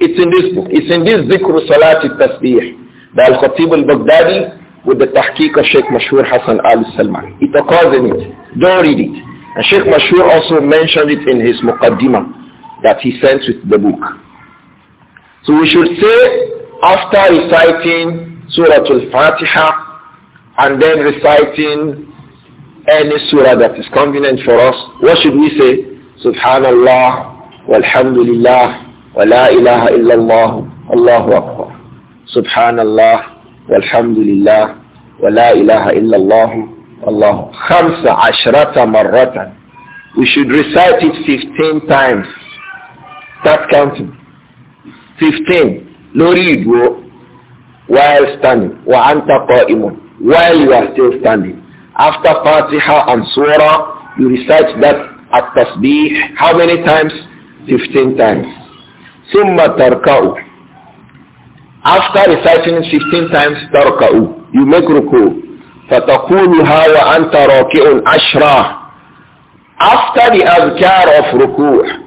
It's in this book. It's in this zikr salat tasbih by Al-Khatib al-Baghdadi with the Tahqiq of Sheikh Mashur Hassan al-Salman. It occurs in it. Don't read it. And Sheikh Mashur also mentioned it in his Muqaddimah that he sent with the book. So we should say after reciting Surah Al-Fatiha and then reciting any surah that is convenient for us, what should we say? Subhanallah, walhamdulillah, wa la ilaha illallah, Allahu Akbar. Subhanallah, walhamdulillah, wa la ilaha illallah, الله خمس ashrata marratan. We should recite it 15 times. Start counting. 15. Lori Igbo, while standing. Wa anta While you are still standing. After Fatiha and Surah, you recite that at tasbih. How many times? 15 times. ثم تركعوا After reciting 15 times tarka'u, you make ruku. فَتَقُولُ فَتَقُولُهَا وَأَنْتَ رَاكِعٌ أَشْرَةٌ After the adhkar of ruku',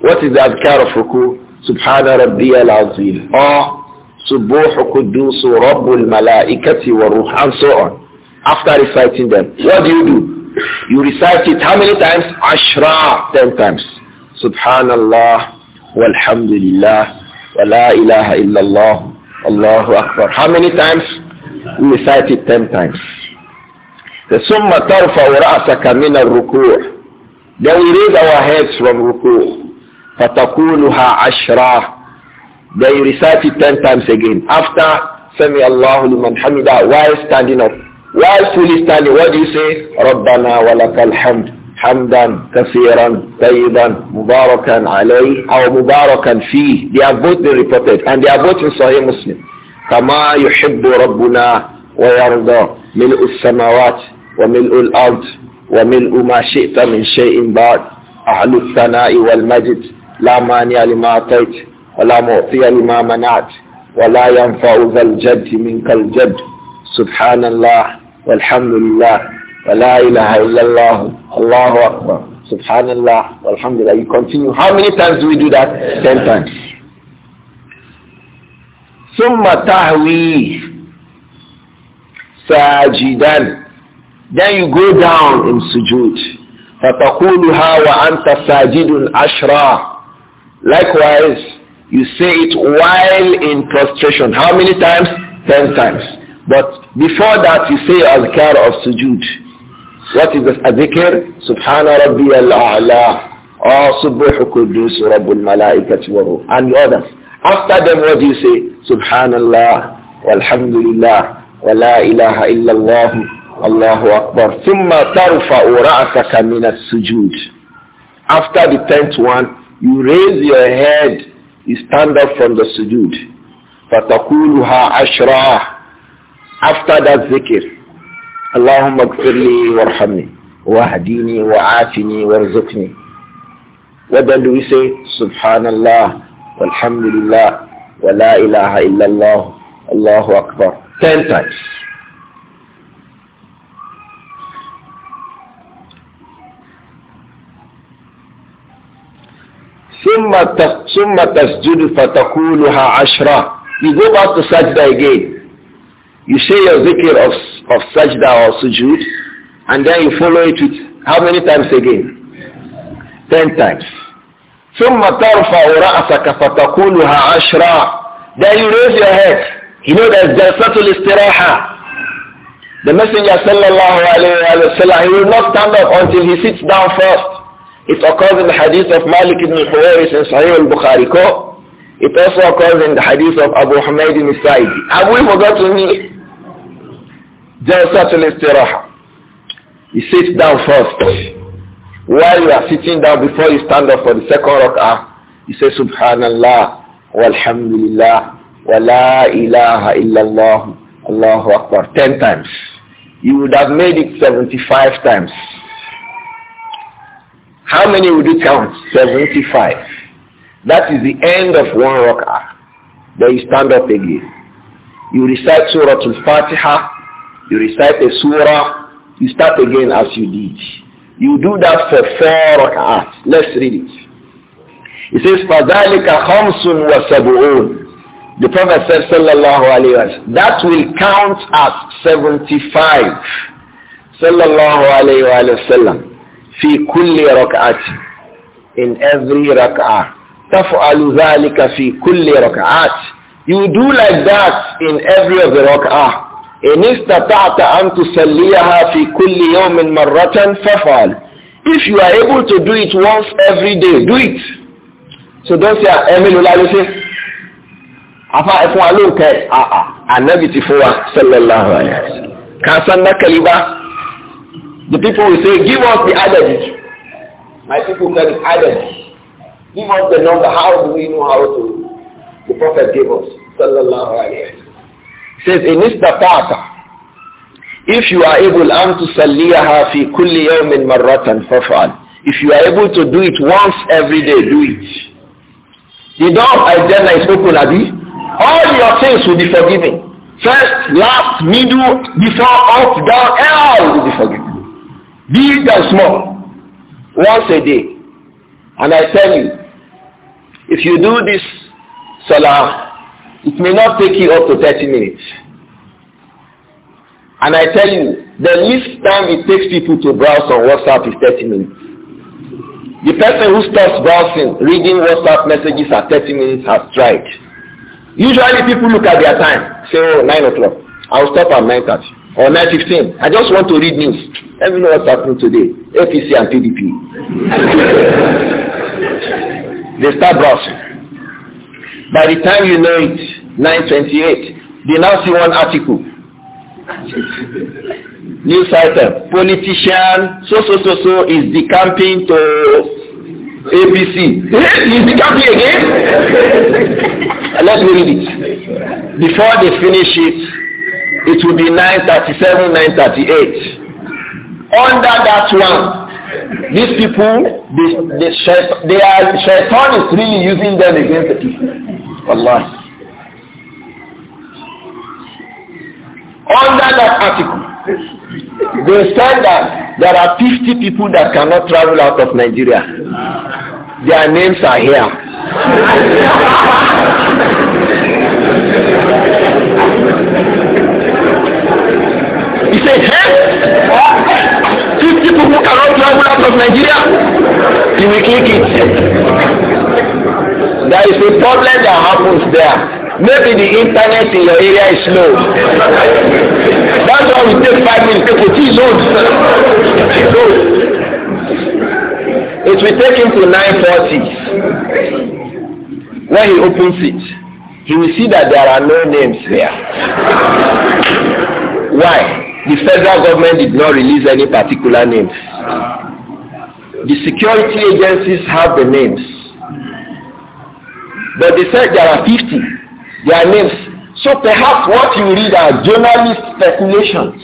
what is the adhkar of ruku'? سبحان ربي العظيم or سبوح قدوس رب الملائكة والروح and so on. After reciting them, what do you do? You recite it how many times? Ashra, ten times. سُبْحَانَ اللَّهُ وَالْحَمْدُ لِلَّهِ إله إلا الله الله أكبر How many times? We recite it ten times. The summa رأسك ra'saka min ruku Then we raise our heads from ruku' فتقولها عشرة Then you recite it ten times again. After سمي الله لمن حمده while standing up. While fully standing, what do you say? ربنا ولك الحمد حمدا كثيرا طيبا مباركا عليه أو مباركا فيه they are both been reported and they are both in Sahih Muslim كما يحب ربنا ويرضى ملء السماوات وملء الأرض وملء ما شئت من شيء بعد أهل الثناء والمجد لا مانع لما أعطيت ولا معطي لما منعت ولا ينفع ذا الجد منك الجد سبحان الله والحمد لله ولا إله إلا الله الله أكبر سبحان الله والحمد لله you continue how many times do we do that ten times ثم تهوي ساجدا then you go down in sujood فتقولها وأنت ساجد عشرة likewise you say it while in prostration how many times ten times but before that you say azkar of sujood what is the dhikr? Subhana Rabbi al-A'la. Or oh, Subbuhu Kudus, Rabbul Malaikat wa Ruh. And the others. After them, what do you say? Subhanallah, walhamdulillah, wa la ilaha illallah, Allahu Akbar. Thumma tarfa'u ra'asaka min as-sujud. After the tenth one, you raise your head, you stand up from the sujud. فَتَقُولُهَا عَشْرًا After that zikr, اللهم اغفر لي وارحمني واهديني وعافني وارزقني What then do we say? Subhanallah, Alhamdulillah, Wa la الله illallah, Allahu Akbar. Ten times. ثم تسجد فتقولها عشرة. You go back to sajda again. You say your zikr of of sajda or sujood, and then you follow it with how many times again? Ten times. ثم ترفع رأسك فتقولها عشرا Then you raise your head. You know there's جلسة الاستراحة. The Messenger sallallahu alayhi wa sallam, he will not stand up until he sits down first. It occurs in the hadith of Malik ibn al and in Sahih al-Bukhari. It also occurs in the hadith of Abu Hamid ibn Sa'id. Have we forgotten Jalsatul Istiraha. He sits down first. While you are sitting down before you stand up for the second rak'ah, he says Subhanallah, walhamdulillah, wa la ilaha illallah, Allahu Akbar. Ten times. You would have made it 75 times. How many would you count? 75. That is the end of one rak'ah. Then you stand up again. You recite Surah Al-Fatiha you recite a surah, you start again as you did. You do that for four rak'at. Let's read it. It says, فَذَلِكَ خَمْسٌ وَسَبْعُونَ The Prophet said, sallallahu alayhi wa that will count as 75. Sallallahu alayhi wa sallam. فِي كُلِّ رَكْعَةٍ In every rak'ah. تَفْعَلُ ذَلِكَ فِي كُلِّ رَكْعَةٍ You do like that in every of the rak'ah. إن استطعت أن تسليها في كل يوم مرة ففعل if you are able to do it once every day do it so don't say ẹ̀mí ló lálẹ́ sí afa ẹ̀fún wa ló ń kẹ́ anabi ah, ah, ti fún wa sallallahu alayhi wa kan sanna kaliba the people will say give us the adad my people call it adad give us the number how do we know how to the prophet gave us sallallahu alayhi wa says in istata'ta if you are able to tusalliyaha fi kulli yawmin marratan faf'al if you are able to do it once every day do it the door of aljanna is open abi all your sins will be forgiven first last middle before up down all will be forgiven big and small once a day and i tell you if you do this salah it may not take you up to 30 minutes. And I tell you, the least time it takes people to browse on WhatsApp is 30 minutes. The person who stops browsing, reading WhatsApp messages at 30 minutes has tried. Usually people look at their time, say, oh, 9 o'clock. I'll stop at 9.30 or 9.15. I just want to read news. Let me know what's happening today. APC and PDP. [LAUGHS] they start browsing. By the time you know it, 928. They now see one article. News item. Politician so so so so is decamping to ABC. He's decamping again? Let me read it. Before they finish it, it will be 937, 938. Under that one, these people, they, they, they are, Shaitan is really using them against the people. Allah. Under that article, they said that there are fifty people that cannot travel out of Nigeria. Their names are here. he said, hey, fifty people who cannot travel out of Nigeria? You will click it. There is a problem that happens there maybe the internet in your area is slow that's why we take five minutes take oti load load it will take him to nine forty when he opens it he will see that there are no names there why the federal government did not release any particular names the security agencies have the names but they said there are fifty their names. So perhaps what you read are journalist speculations.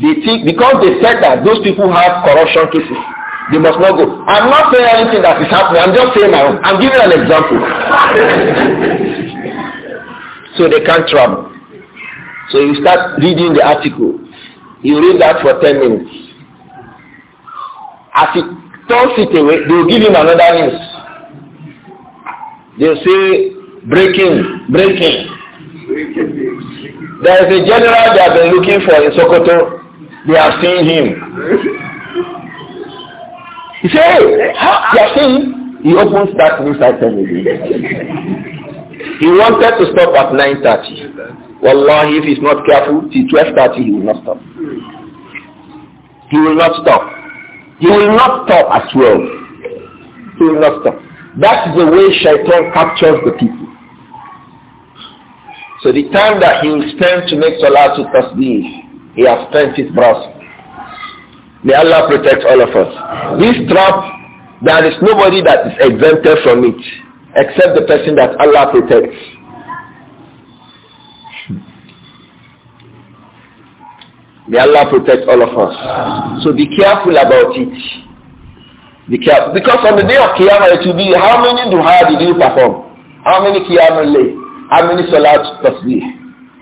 They think because they said that those people have corruption cases, they must not go. I'm not saying anything that is happening. I'm just saying my own. I'm giving an example. [LAUGHS] so they can't travel. So you start reading the article. You read that for 10 minutes. As it turns it away, they'll give him another news. They'll say breaking, breaking. There is a general they have been looking for in Sokoto. They have seen him. He said, hey, how have seen him? He opens that reciting again. He wanted to stop at 9.30. Wallahi, if he's not careful, till 12.30 he will not stop. He will not stop. He will not stop at 12. He will not stop. That's the way shaitan captures the people. So the time that he will spend to make Salah to Tasbih, he has spent his breath. May Allah protect all of us. This trap, there is nobody that is exempted from it except the person that Allah protects. May Allah protect all of us. So be careful about it. Be careful. Because on the day of Qiyamah it will be how many duha did you perform? How many Qiyamah lay? how many salat tasbih?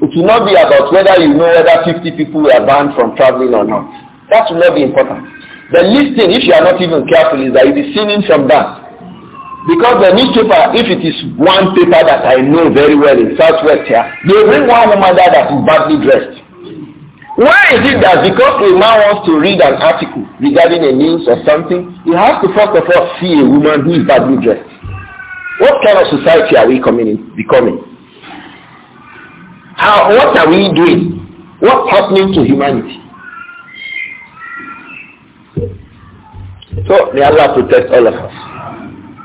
It will not be about whether you know whether 50 people were banned from traveling or not. That will not be important. The least thing, if you are not even careful, is that you'll be sinning from that. Because the newspaper, if it is one paper that I know very well in Southwest here, they bring one woman there that is badly dressed. Why is it that because a man wants to read an article regarding a news or something, he has to first of all see a woman who is badly dressed? What kind of society are we coming in, becoming? How, what are we doing? What's happening to humanity? So may Allah protect all of us.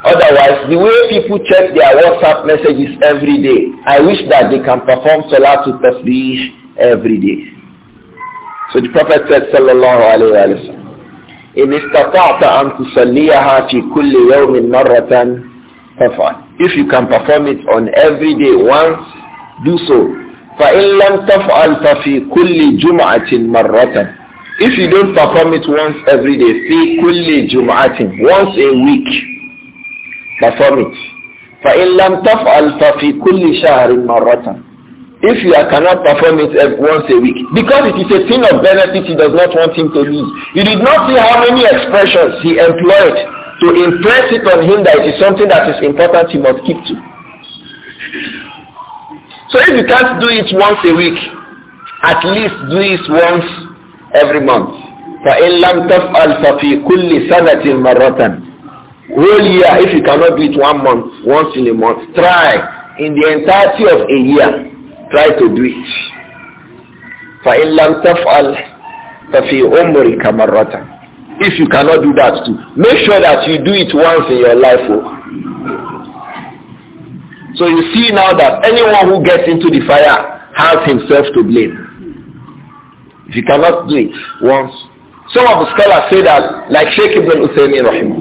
Otherwise, the way people check their WhatsApp messages every day, I wish that they can perform to Tasbih every day. So the Prophet said, Sallallahu Alaihi Wasallam, إن استطعت أن تصليها في كل يوم مرة فافعل. If you can perform it on every day once, do so. فَإِن لَمْ تَفْعَلْ فَفِي كُلِّ جُمْعَةٍ مَرَّةً If you don't perform it once every day, في كُلِّ جُمْعَةٍ Once a week, perform it. فَإِن لَمْ تَفْعَلْ فَفِي كُلِّ شَهْرٍ مَرَّةً If you cannot perform it once a week, because it is a thing of benefit he does not want him to lose. You did not see how many expressions he employed to impress it on him that it is something that is important he must keep to. So if you can't do it once a week, at least do it once every month. فإن لم تفعل ففي كل سنة مرة whole year if you cannot do it one month once in a month try in the entirety of a year try to do it فإن لم تفعل ففي عمرك مرة if you cannot do that too make sure that you do it once in your life oh. So you see now that anyone who gets into the fire has himself to blame. If you cannot do it once. Some of the scholars say that, like Sheikh Ibn Uthaymeen Rahim,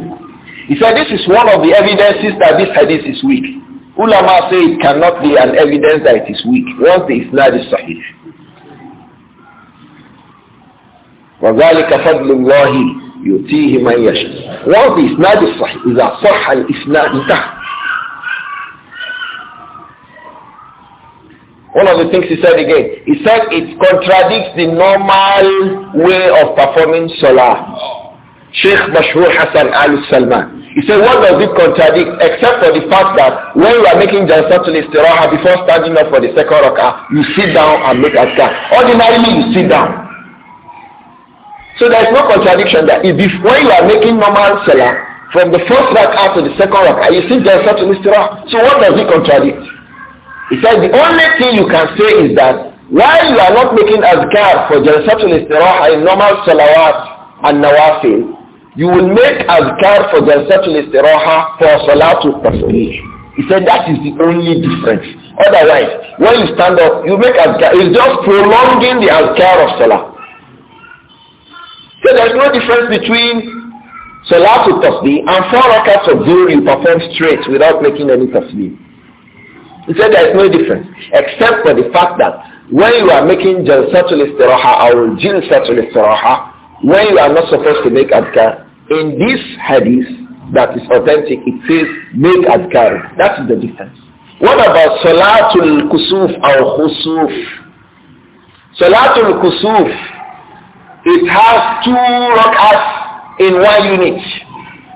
He said this is one of the evidences that this hadith is weak. Ulama say it cannot be an evidence that it is weak once the not is sahih. وذلك فضل الله يؤتيه من يشاء. Once the isnad is sahih, إذا صح الإسناد انتهى. One of the things he said again, he said it contradicts the normal way of performing salah. Sheikh Bashir Hassan Al Salman. He said, what does it contradict except for the fact that when you are making to Istiraha before standing up for the second rakah, you sit down and make asghar. Ordinarily, you sit down. So there is no contradiction that If when you are making normal salah, from the first rakah to the second rakah, you sit to Istiraha. So what does it contradict? He said the only thing you can say is that while you are not making azkar for Jalsatul Istiraha in normal salawat and nawafil, you will make azkar for Jalsatul Istiraha for Salatul Tasrih. He said that is the only difference. Otherwise, when you stand up, you make azkar. It's just prolonging the azkar of salah. So there's no difference between Salatul Tasbih and four rakats of Dhuhr you perform straight without making any tasbih. He said there is no difference, except for the fact that when you are making jalsatul istiraha or jilsatul istiraha, when you are not supposed to make adkar, in this hadith that is authentic, it says make adkar. That is the difference. What about salatul kusuf or khusuf? Salatul kusuf, it has two rak'ahs in one unit.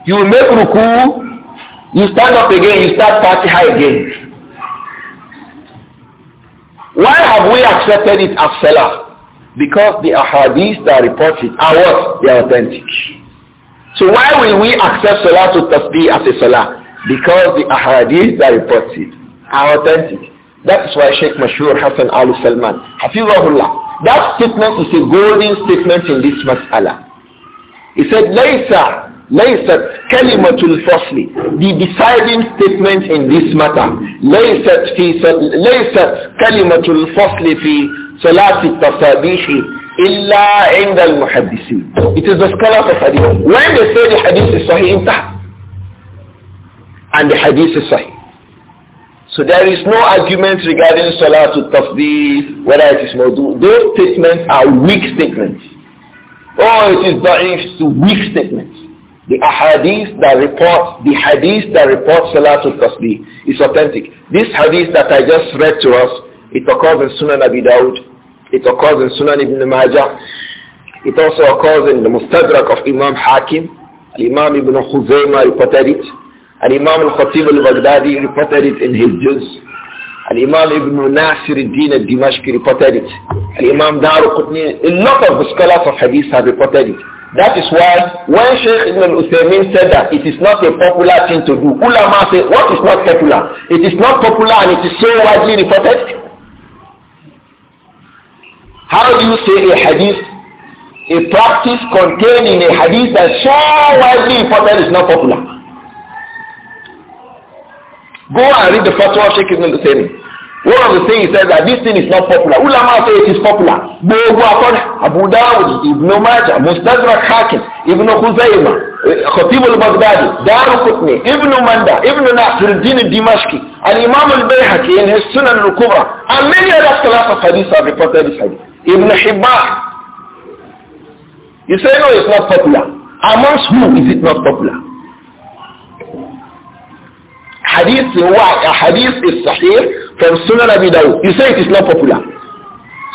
You make ruku, you stand up again, you start fatiha again. Why have we accepted it as salah? Because the ahadith that report it are what? They are authentic. So why will we accept salah to tasbih as a salah? Because the ahadith that reported it are authentic. That is why Sheikh Mashur Hassan Al Salman, Hafizahullah, that statement is a golden statement in this mas'ala. He said, ليس ليست kalimatul fasli, the deciding statement in this matter, laysat fi laysat kalimatul fasli fi salat at-tasabih illa 'inda al-muhaddisin. It is the scholar of hadith. When they say the hadith is sahih, And the hadith is sahih. So there is no argument regarding Salatul Tafdeel, whether it is Mawdu. Those statements are weak statements. Oh, it is Da'if, to weak statement. The hadith that reports, the hadith that reports Salatul Tasbih is authentic. This hadith that I just read to us, it occurs in Sunan Abi Dawud, it occurs in Sunan Ibn Majah, it also occurs in the Mustadrak of Imam Hakim, Imam Ibn Khuzaymah reported it, and Imam Al-Khatib Al-Baghdadi reported it in his Juz, and Imam Ibn Nasir al-Din al-Dimashqi reported it, and Imam Daru Qutni, a lot of the scholars of hadith have reported it. That is why when Sheikh Ibn uthaymeen said that it is not a popular thing to do, ulama say, what is not popular? It is not popular and it is so widely reported. How do you say a hadith, a practice contained in a hadith that so widely reported is not popular? Go and read the fatwa of Sheikh Ibn al-Uthaymeen. One of the things he says that this thing is not popular. Ulama say it is popular. Gbogbo akọ́nà Abu Dawud, Ibn Majah, mustadra Hakim, Ibn Khuzaima, Khatib al-Baghdadi, Daru kutni Ibn Manda, Ibn Nasr al dimashki and Imam al-Bayhaqi in his Sunan al-Kubra, and many other scholars of hadith have reported this hadith. Ibn Hibbah. You say no, it's not popular. Amongst whom is it not popular? Hadith, hadith is sahih, from Sunan Abi Dawud. You say it is not popular.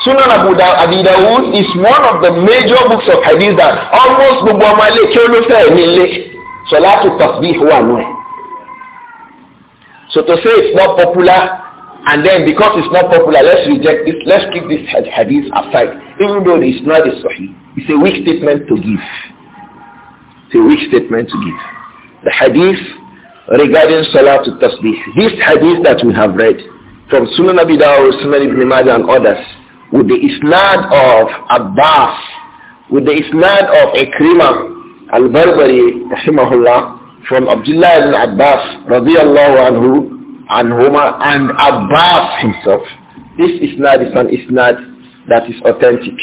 Sunan Abu Abi Dawud is one of the major books of hadith that almost gbogbo ọmọ ilé kí ó ló fẹ́ wà nù ẹ̀. So to say it's not popular and then because it's not popular let's reject this let's keep this hadith aside even though it's not a sahih it's a weak statement to give it's a weak statement to give the hadith regarding salah to tasbih this hadith that we have read from Sunan Abi Dawud, Sunan Ibn Majah and others with the isnad of Abbas, with the isnad of Ikrimah al-Barbari, rahimahullah, from Abdullah ibn Abbas, radiyallahu anhu, anhuma, and Abbas himself. This isnad is an isnad that is authentic.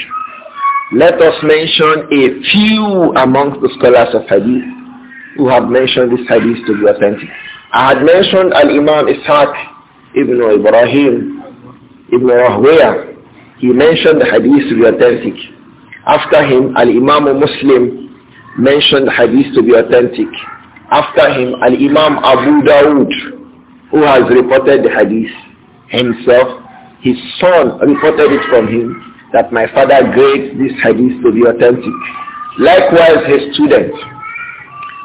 Let us mention a few amongst the scholars of hadith who have mentioned this hadith to be authentic. I had mentioned Al-Imam Ishaq Ibn Ibrahim, Ibn Rahwaya, he mentioned the hadith to be authentic. After him, Al-Imam Muslim mentioned the hadith to be authentic. After him, Al-Imam Abu Dawud, who has reported the hadith himself, his son reported it from him that my father grades this hadith to be authentic. Likewise, his student,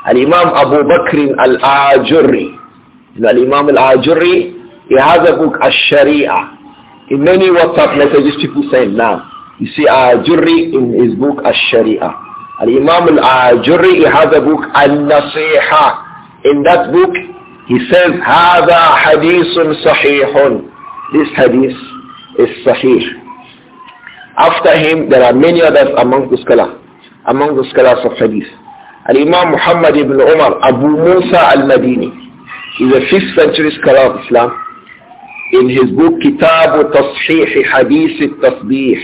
Al-Imam Abu Bakr al ajuri Al-Imam al ajuri he has a book, Ash-Sharia. In many WhatsApp messages people say, now, you see Ajuri in his book, Ash-Sharia. Al-Imam Al-Ajuri, he has a book, Al-Nasiha. In that book, he says, هذا حديث صحيح. This hadith is sahih. After him, there are many others among the scholars, among the scholars of hadith. Al-Imam Muhammad ibn Umar, Abu Musa al-Madini, is a 5th century scholar of Islam. in his book Kitab Tasheeh Hadith Tasbih.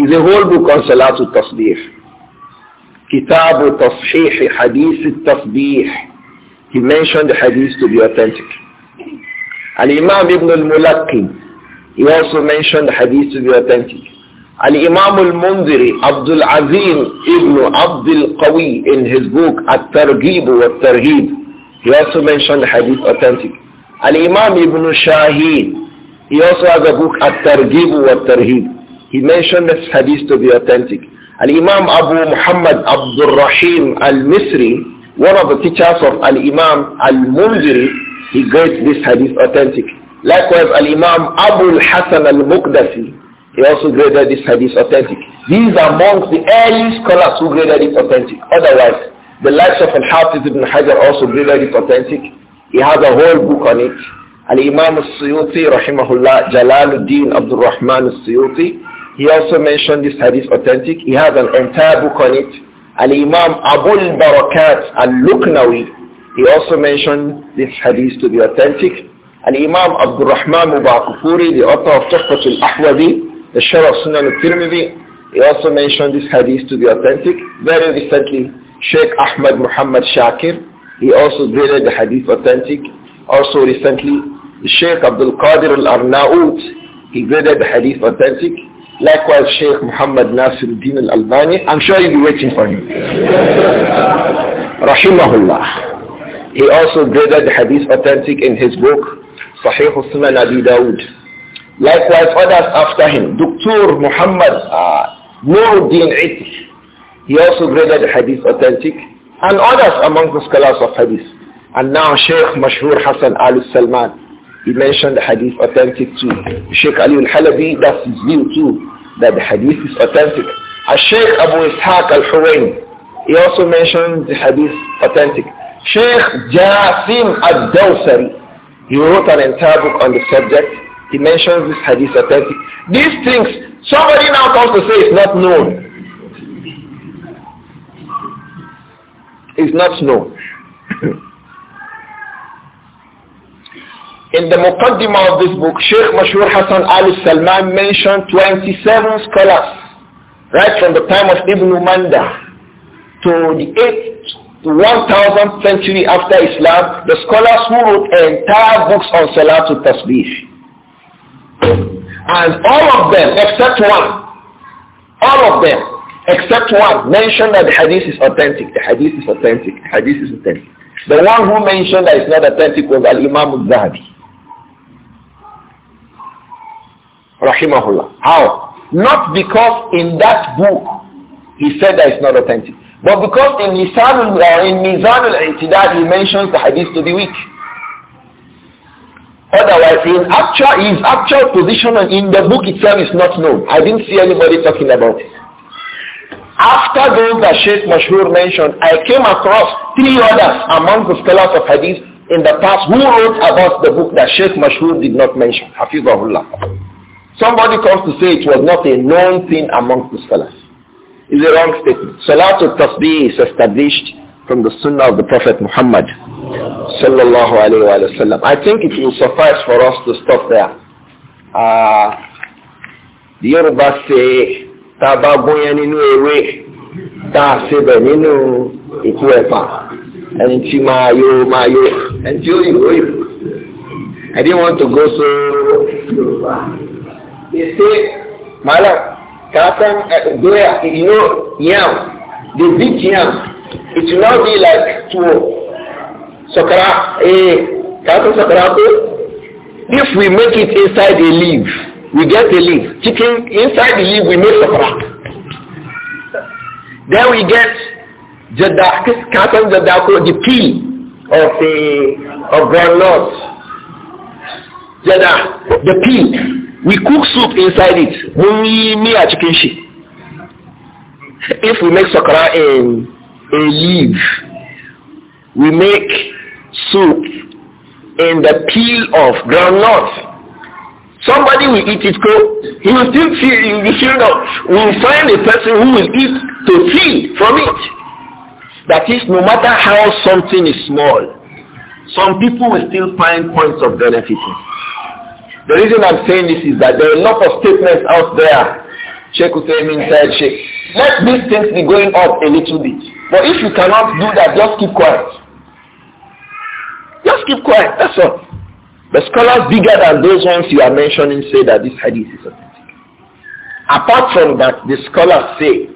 Is a whole book on Salatul Tasbih. Kitab Tasheeh Hadith Tasbih. He mentioned the hadith to be authentic. Al-Imam Ibn al-Mulaqi, he also mentioned the hadith to be authentic. Al-Imam al-Mundiri, Abdul Azim Ibn Abdul Qawi in his book At-Targhib wa Targhib, he also mentioned the hadith authentic. Al-Imam Ibn Shaheen, he also has a book, At-Targib wa Tarhib. He mentioned this hadith to be authentic. Al-Imam Abu Muhammad Abdul Rahim Al-Misri, one of the teachers of Al-Imam Al-Munziri, he grades this hadith authentic. Likewise, Al-Imam Abu Hassan Al-Muqdasi, he also graded this hadith authentic. These are amongst the early scholars who graded it authentic. Otherwise, the likes of Al-Hafiz ibn Hajar also graded it authentic. He has a whole book on it. And imam al-Suyuti, rahimahullah, Jalaluddin Abdul Rahman al-Suyuti, he also mentioned this hadith authentic. He has an entire book on it. And imam Abul Barakat al-Luknawi, he also mentioned this hadith to be authentic. And imam Abdul Rahman Mubarak the author of Tuhfat al-Ahwazi, the Shah of Sunan al-Tirmidhi, he also mentioned this hadith to be authentic. Very recently, Sheikh Ahmad Muhammad Shakir, he also graded the hadith authentic. Also recently, Sheikh Abdul Qadir al-Arnaut, he graded the hadith authentic. Likewise, Sheikh Muhammad Nasir al-Albani. I'm sure you'll be waiting for him. Rahimahullah. He also graded the hadith authentic in his book, Sahih Sunan Abi Dawood. Likewise, others after him. Dr. Muhammad uh, Nuruddin Itri. He also graded the hadith authentic and others among the scholars of hadith. And now Sheikh Mashhur Hassan Al Salman, he mentioned the hadith authentic too. Sheikh Ali Al-Halabi, that's his view too, that the hadith is authentic. And Sheikh Abu Ishaq Al-Hurayn, he also mentioned the hadith authentic. Sheikh Jasim Al-Dawsari, he wrote an entire book on the subject. He mentions this hadith authentic. These things, somebody now comes to say it's not known. is not known. In the Muqaddimah of this book, Sheikh Mashur Hassan Ali Salman mentioned 27 scholars right from the time of Ibn Manda to the 8th to 1000th century after Islam, the scholars who wrote entire books on Salatul Tasbih. And all of them, except one, all of them Except one. Mention that the hadith is authentic. The hadith is authentic. The hadith is authentic. The one who mentioned that it's not authentic was Al-Imam al-Zahabi. Rahimahullah. How? Not because in that book he said that it's not authentic. But because in Nisan uh, in Mizan al-I'tidad he mentions the hadith to be weak. Otherwise, actual, his actual position in the book itself is not known. I didn't see anybody talking about it. After those that Sheikh Mashur mentioned, I came across three others among the scholars of hadith in the past who wrote about the book that Sheikh Mashur did not mention, Hafizahullah. Somebody comes to say it was not a known thing among the scholars. It's a wrong statement. Salatul Tasbih is established from the Sunnah of the Prophet Muhammad sallallahu alayhi wa sallam. I think it will suffice for us to stop there. Uh, the Yoruba say tá a bá gún yẹn nínú ewé tá a sebẹ̀ nínú ìkú ẹ̀pà ẹni tí máa yó máa yó ẹni tí ó yó yó. I didn't want to go so far. They say, Malam, Katan, Doya, you know, yam, the big yam, it will not be like two. Sakara, eh, Katan Sakara, if we make it inside a leaf, we get a leaf. Chicken, inside the leaf we make sapra. Then we get jadah, kasan the peel of the of groundnut. the peel. We cook soup inside it. We make a chicken shit. If we make sakura in a leaf, we make soup in the peel of groundnuts. Somebody will eat it cold. He will still feel, he will feel filled We will find a person who will eat to feed from it. That is, no matter how something is small, some people will still find points of benefit. The reason I'm saying this is that there are a lot of statements out there. Sheikh let these things be going up a little bit. But if you cannot do that, just keep quiet. Just keep quiet. That's all. The scholars bigger than those ones you are mentioning say that this hadith is authentic. Apart from that, the scholars say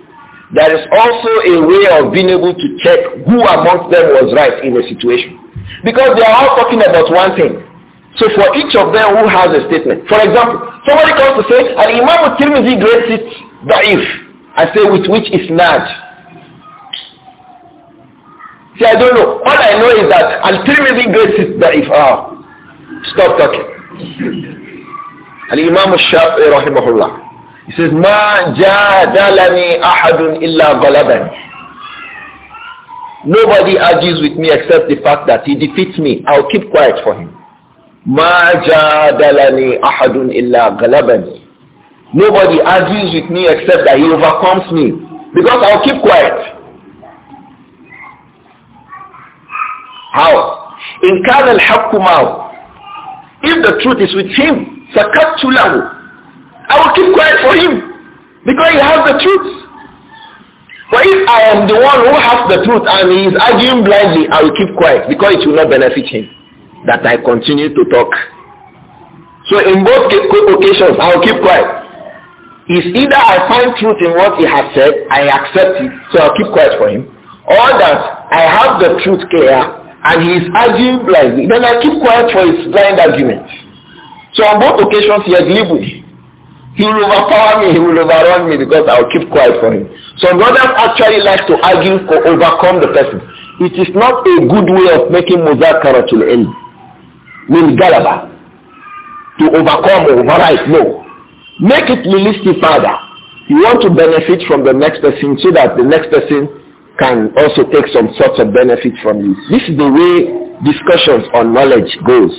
there is also a way of being able to check who amongst them was right in a situation. Because they are all talking about one thing. So for each of them who has a statement, for example, somebody comes to say, an Imam Tirmidhi grades it da'if. I say, with which is not." See, I don't know. All I know is that Al-Tirmidhi grades it da'if. Ah. Stop talking. And Imam Shafi'i rahimahullah. He says, Ma jadalani ahadun illa galaban. Nobody argues with me except the fact that he defeats me. I'll keep quiet for him. Ma jadalani ahadun illa galabani. Nobody argues with me except that he overcomes me. Because I'll keep quiet. How? In kana al-haqqu if the truth is with him, I will keep quiet for him because he has the truth. But if I am the one who has the truth and he is arguing blindly, I will keep quiet because it will not benefit him that I continue to talk. So in both occasions, I will keep quiet. Is either I find truth in what he has said, I accept it, so I'll keep quiet for him, or that I have the truth clear and he is arguing blindly, then I keep quiet for his blind argument. So on both occasions he agreed with me. He will overpower me, he will overrun me because I will keep quiet for him. Some brothers actually like to argue to overcome the person. It is not a good way of making muzakaratul ilm. Min galaba. To overcome or override, no. Make it realistic Father, You want to benefit from the next person so that the next person can also take some sort of benefit from you. This is the way discussions on knowledge goes.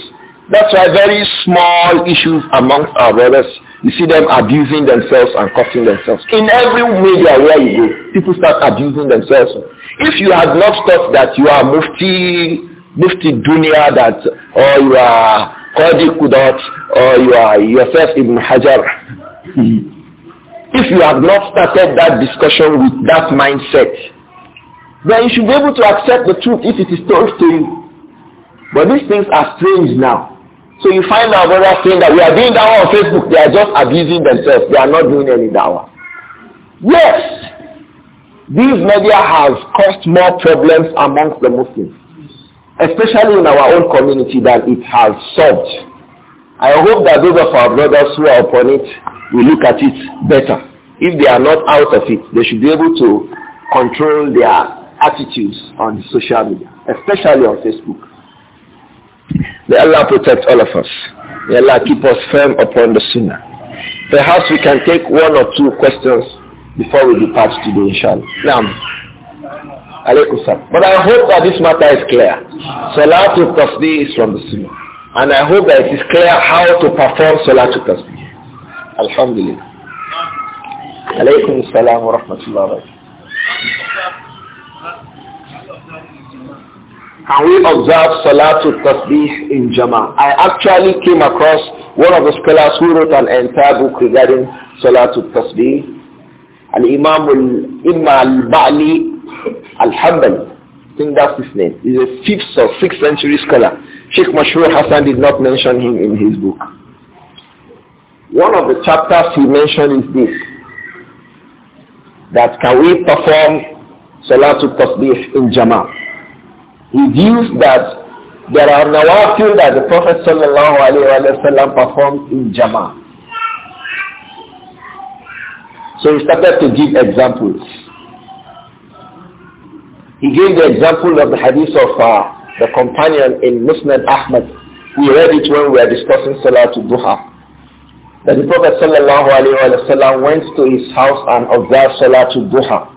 That's why very small issues amongst our brothers, you see them abusing themselves and cursing themselves. In every media where you go, people start abusing themselves. If you have not thought that you are mufti, mufti dunya that, or you are Qadi Kudat, or you are yourself Ibn Hajar, [LAUGHS] if you have not started that discussion with that mindset, then you should be able to accept the truth if it is told to you. But these things are strange now. So you find our brothers saying that we are doing dawah on Facebook, they are just abusing themselves. They are not doing any dawah. Yes, these media has caused more problems amongst the Muslims, especially in our own community than it has solved. I hope that those of our brothers who are upon it will look at it better. If they are not out of it, they should be able to control their attitudes on social media, especially on Facebook. May Allah protect all of us. May Allah keep us firm upon the sunnah. Perhaps we can take one or two questions before we depart today, inshallah. Now, alaykum salam. But I hope that this matter is clear. Salatul Tasbih is from the sunnah. And I hope that it is clear how to perform Salatul Tasbih. Alhamdulillah. Alaykum salam wa rahmatullahi wa barakatuh. And we observe Salatul Tasbih in Jama'ah. I actually came across one of the scholars who wrote an entire book regarding Salatul Tasbih, Al-Imam al bali Al-Hambali. I think that's his name. He's a 5th or 6th century scholar. Sheikh Mashur Hassan did not mention him in his book. One of the chapters he mentioned is this, that can we perform Salatul Tasbih in Jama'ah. He views that there are nawafil that the Prophet sallallahu alaihi wasallam performed in Jama'ah. So he started to give examples. He gave the example of the hadith of uh, the companion in Muslim Ahmad. We read it when we were discussing Salatul Duha. That the Prophet sallallahu alaihi wasallam went to his house and observed Salatul Duha.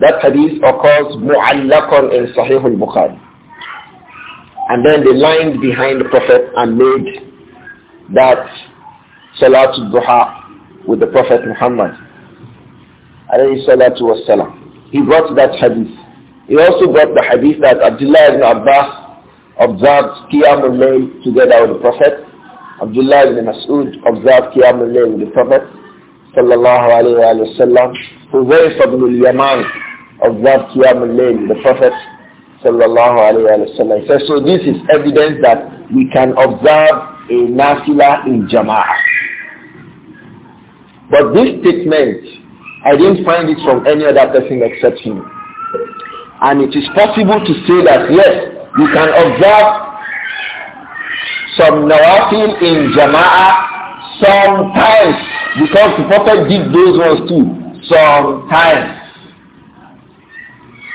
That hadith occurs mu'allakun in Sahih al-Bukhari. And then they lined behind the Prophet and made that Salatul Duha with the Prophet Muhammad. salat was wassalam. He brought that hadith. He also brought the hadith that Abdullah ibn Abbas observed Qiyam al-Layl together with the Prophet. Abdullah ibn Mas'ud observed Qiyam al-Layl with the Prophet sallallahu alayhi wa sallam. Huzayf ibn al-Yaman observed Qiyamul Layl, the Prophet sallallahu alayhi wa sallam. So, so this is evidence that we can observe a nafila in jama'ah. But this statement, I didn't find it from any other person except him. And it is possible to say that yes, you can observe some nawafil in jama'ah sometimes because the Prophet did those ones too. Sometimes.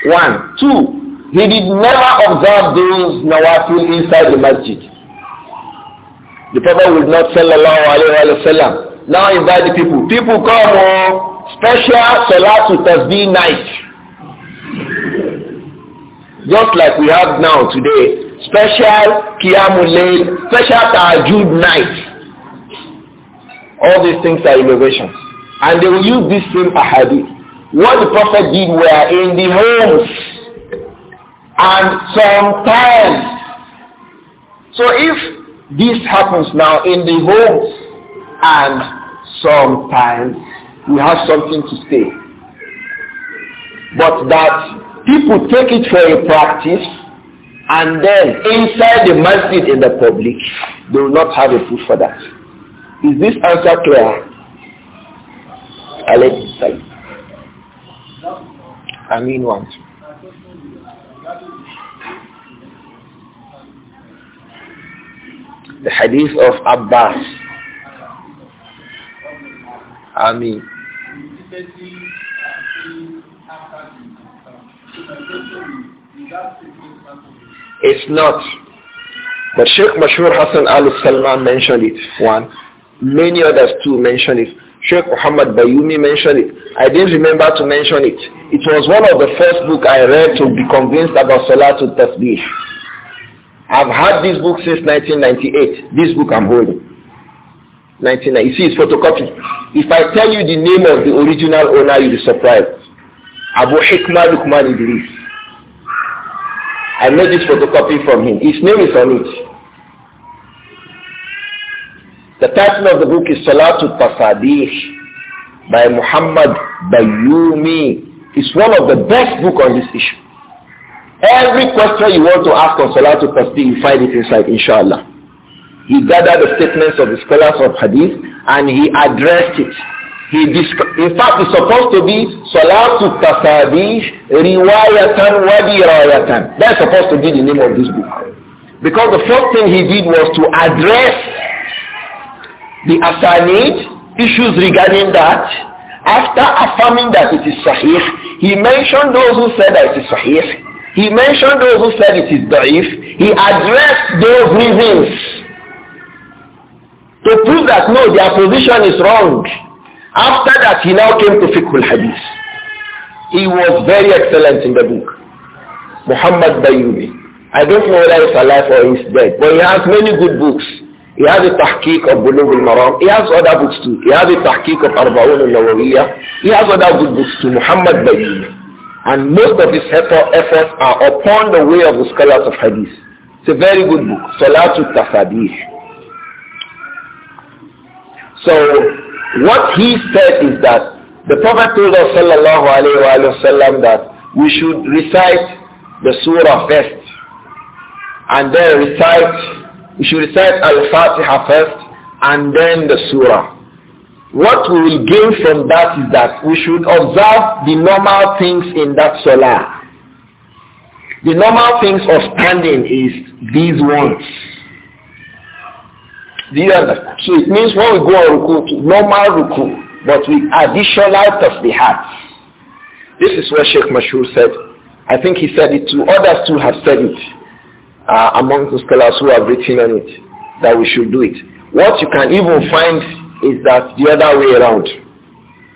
One. Two, he did never observe those nawafil inside the masjid. The Prophet would not sallallahu alayhi wa sallam. Now invite the people. People come on oh, special salatu tasbih night. Just like we have now today, special qiyamul layl, special Tajud night. All these things are innovations. And they will use this same ahadith what the prophet did were in the homes and sometimes. So if this happens now in the homes and sometimes, we have something to say. But that people take it for a practice and then inside the masjid in the public, they will not have a food for that. Is this answer clear? Alex, I mean what? The hadith of Abbas. I mean. It's not. But Sheikh Mashur Hassan Al Salman mentioned it, one. Many others too mentioned it. Sheikh Muhammad Bayumi mentioned it. I didn't remember to mention it. It was one of the first book I read to be convinced about Salatul Tasbih. I've had this book since 1998. This book I'm holding. 1990. You see, it's photocopy. If I tell you the name of the original owner, you'll be surprised. Abu Hikmah Lukman Idris. I made this photocopy from him. His name is on it. title of the book is Salatul Tasadih by Muhammad Bayumi. It's one of the best book on this issue. Every question you want to ask on Salatul Tasbih, you find it inside, inshallah. He gathered the statements of the scholars of Hadith and he addressed it. He in fact, it's supposed to be Salatul Tasabih Riwayatan wa That's supposed to be the name of this book. Because the first thing he did was to address the asanid, issues regarding that, after affirming that it is sahih, he mentioned those who said that it is sahih, he mentioned those who said it is da'if, he addressed those reasons to prove that no, their position is wrong. After that, he now came to fiqh al-hadith. He was very excellent in the book. Muhammad Bayyubi. I don't know whether he's alive or he's dead, but he has many good books. He has a tahqiq of Bulug al-Maram. He has other books too. He has a tahqiq of Arbaun al-Nawawiyya. He has other good books too. Muhammad Bayyim. And most of his efforts are upon the way of the scholars of Hadith. It's a very good book. Salatul Tafadih. So what he said is that the Prophet told us sallallahu alayhi wa sallam that we should recite the surah first and then recite you should recite Al-Fatiha first and then the surah. What we will gain from that is that we should observe the normal things in that salah. The normal things of standing is these ones. These are so it means when we go on ruku normal ruku, but with additional tasbihat. This is what Sheikh Mashur said. I think he said it to Others too have said it uh, among the scholars who have written on it that we should do it. What you can even find is that the other way around.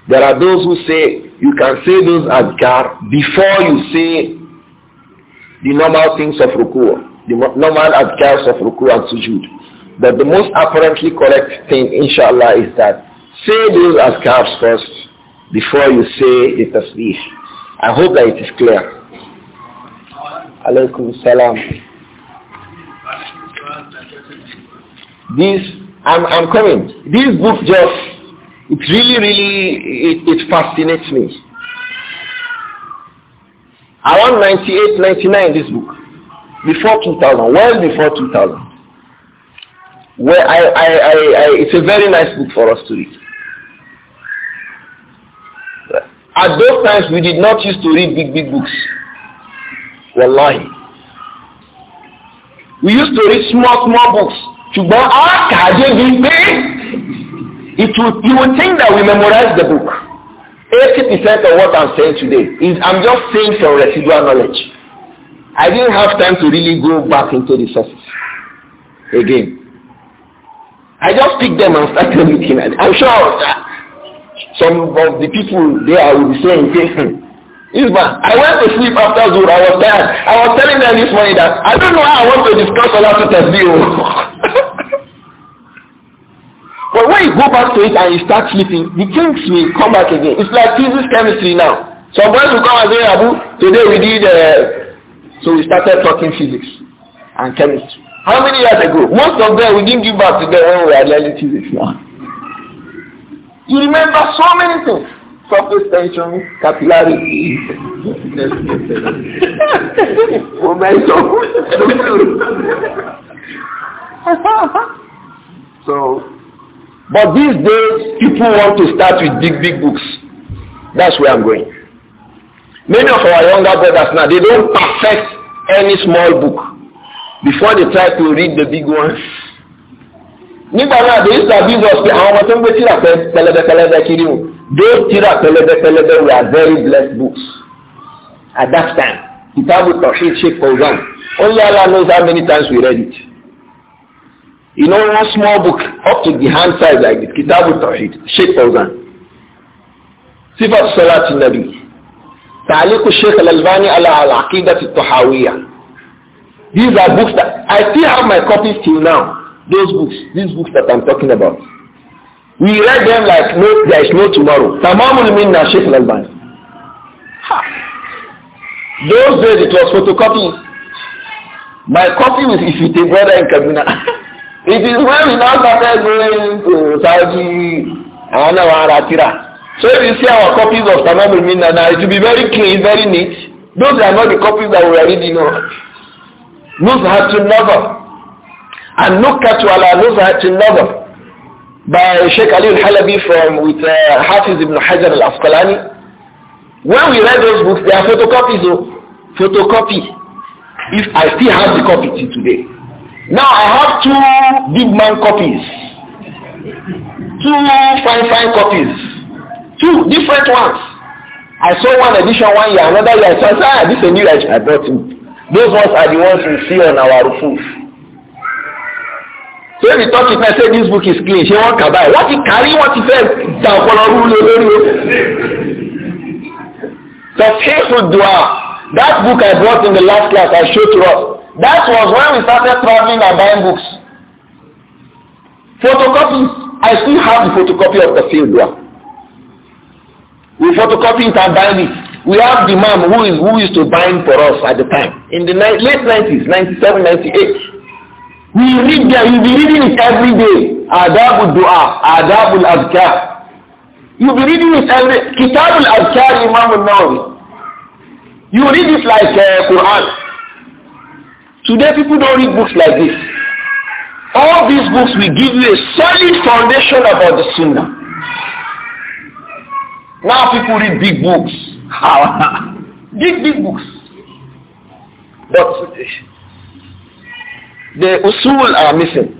There are those who say you can say those adhkar before you say the normal things of ruku, the normal adhkars of ruku and sujud. But the most apparently correct thing, inshallah, is that say those adhkars first before you say the tasbih. I hope that it is clear. Alaikum salam. This, I'm, I'm coming. This book just, it really, really, it, it fascinates me. Around 98, 99, this book. Before 2000, well before 2000. where I, I, I, I, it's a very nice book for us to read. At those times, we did not used to read big, big books. lying We used to read small, small books ṣùgbọ́n a kà á pé it you would think that we memorize the book eighty percent of what i'm saying today is i'm just saying from residual knowledge i didn't have time to really go back into the sources again i just pick them and start looking them i'm sure some of the people there will be saying okay. [LAUGHS] Isma, I went to sleep after Zuhr. I was tired. I was telling them this morning that I don't know how I want to discuss Allah with Tasbih. [LAUGHS] But when you go back to it and you start sleeping, the things will come back again. It's like physics chemistry now. Some boys will come and say, Abu, today we did, uh, so we started talking physics and chemistry. How many years ago? Most of them, we didn't give back to them when we were learning physics now. You remember so many things. Surface tension, capillarity, [LAUGHS] momentum. [LAUGHS] [LAUGHS] so but these days, people want to start with big, big books. That's where I'm going. Many of our younger brothers now, they don't perfect any small book before they try to read the big ones. nígbà náà they used to us pé àwọn ọmọ tó ń gbé tíra pẹlẹbẹ pẹlẹbẹ kiri o those tíra pẹlẹbẹ pẹlẹbẹ very blessed books at that time kitabu tawhid sheikh fauzan only allah knows how many times we read it you know one small book up to the hand size like this, Kitab al-Tawhid, Sheikh Fawzan. صفة صلاة النبي تعليق الشيخ الألباني على العقيدة الطحاوية These are books that I still have my copies till now. Those books, these books that I'm talking about. We read them like no, there is no tomorrow. Tamamul minna Sheikh Those days it was photocopy. My copy is if you take brother in Kaduna. [LAUGHS] it is when we now started going to Saudi àwọn náà wọn ara tira so if you see our copies of tamami minna now it will be very clean very neat those are not the copies that we are reading now nuzhat al-nazar and nukat ala nuzhat al-nazar by Sheikh Ali al-Halabi from with uh, Hafiz ibn Hajar al-Asqalani when we read those books they are photocopies o photocopy if I still have the copy till today Now I have two big man copies. Two fine fine copies. Two different ones. I saw one edition one year, another year. So I said, ah, this is a new edition. I bought two. Those ones are the ones we see on our roof. So if you talk it, I say this book is clean. She won't come buy. What he carry, what he say, down for a rule. The faithful dua. That book I brought in the last class, I showed to us. That was when we started traveling and buying books. Photocopies. I still have the photocopy of the field one. We photocopy it and buy it. We have the man who is used to bind for us at the time. In the late 90s, 97, 98. We read there. you'll be reading it every day. Adabul Dua, Adabul Azkar. You'll be reading it every Kitabul Azkar Imam al-Nawawi. You read it like uh, Quran. Today people don't read books like this. All these books will give you a solid foundation about the Sunnah. Now people read big books. big, [LAUGHS] big books. But the usul are missing.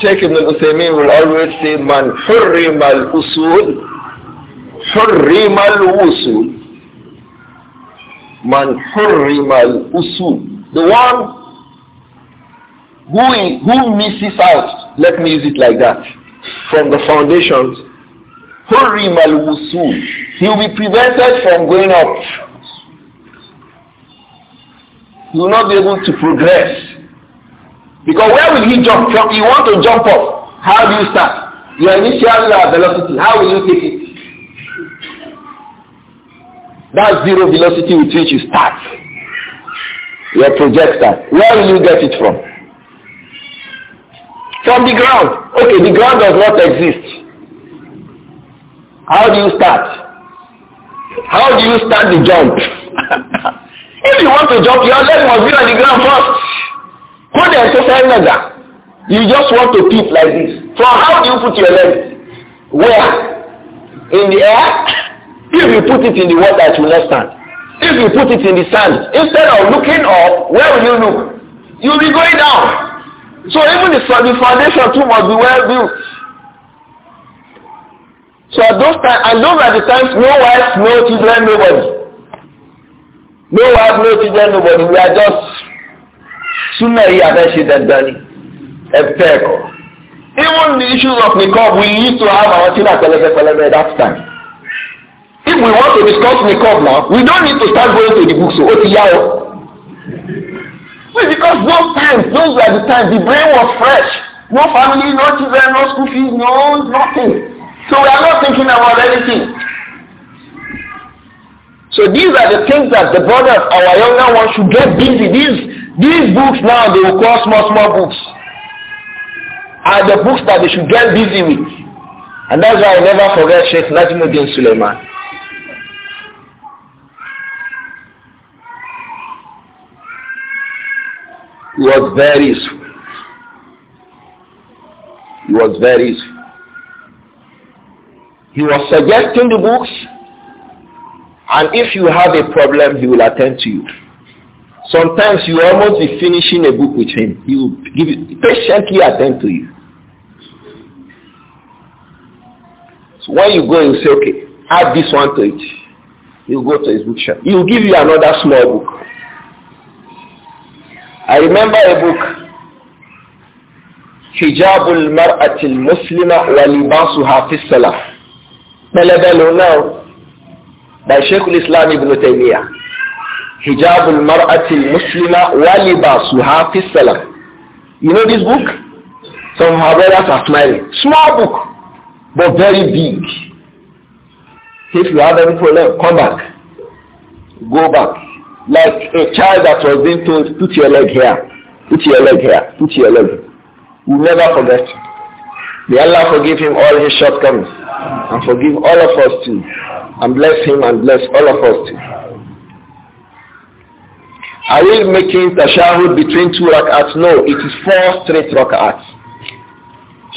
Sheikh Ibn Uthaymeen will always say, Man hurrim al-usul, hurrim al-usul man hurrimal usul. The one who who misses out, let me use it like that, from the foundations, hurrimal usul. He will be prevented from going up. He will not be able to progress. Because where will he jump from? He want to jump up. How do you start? Your initial velocity, how will you take it? That zero velocity with which you start your projector, where will you get it from? From the ground. Okay, the ground does not exist. How do you start? How do you start the jump? [LAUGHS] if you want to jump, your leg must be on the ground first. Put the exercise leg You just want to peep like this. So how do you put your leg? Where? In the air? [LAUGHS] If you put it in the water, it will not stand. If you put it in the sand, instead of looking up, where will you look? You'll be going down. So even the, the foundation too must be well built. So at those times, and those are the times no wife, no children, nobody. No wife, no children, nobody. We are just sooner here than she than Danny. Even the issues of Nicole, we used to have our children at that time. if we want to discuss niqab now we don't need to start going to the book so ó ti oh. because those times those were the times the brain was fresh no family no children no school fees no nothing so we are not thinking about anything so these are the things that the brothers our younger ones should get busy these these books now they will call small small books are the books that they should get busy with and that's why I never forget Sheikh Najimuddin Suleiman He was very sweet. He was very sweet. He was suggesting the books and if you have a problem he will attend to you. Sometimes you almost be finishing a book with him. He will give you, patiently attend to you. So when you go, you say, okay, add this one to it. He'll go to his bookshelf. He'll give you another small book. I remember a book, حجاب المرأة المسلمة ولباسها في الصلاة. Pelebelo now by Sheikh al-Islam ibn Taymiyyah. حجاب المرأة المسلمة ولباسها في الصلاة. You know this book? Some of our brothers are smiling. Small book, but very big. If you have any problem, come back. Go back. Like a child that was being told, put your leg here, put your leg here, put your leg. We'll never forget. May Allah forgive him all his shortcomings and forgive all of us too. And bless him and bless all of us too. Are we making tashahud between two rak'ats? No, it is four straight rak'ats.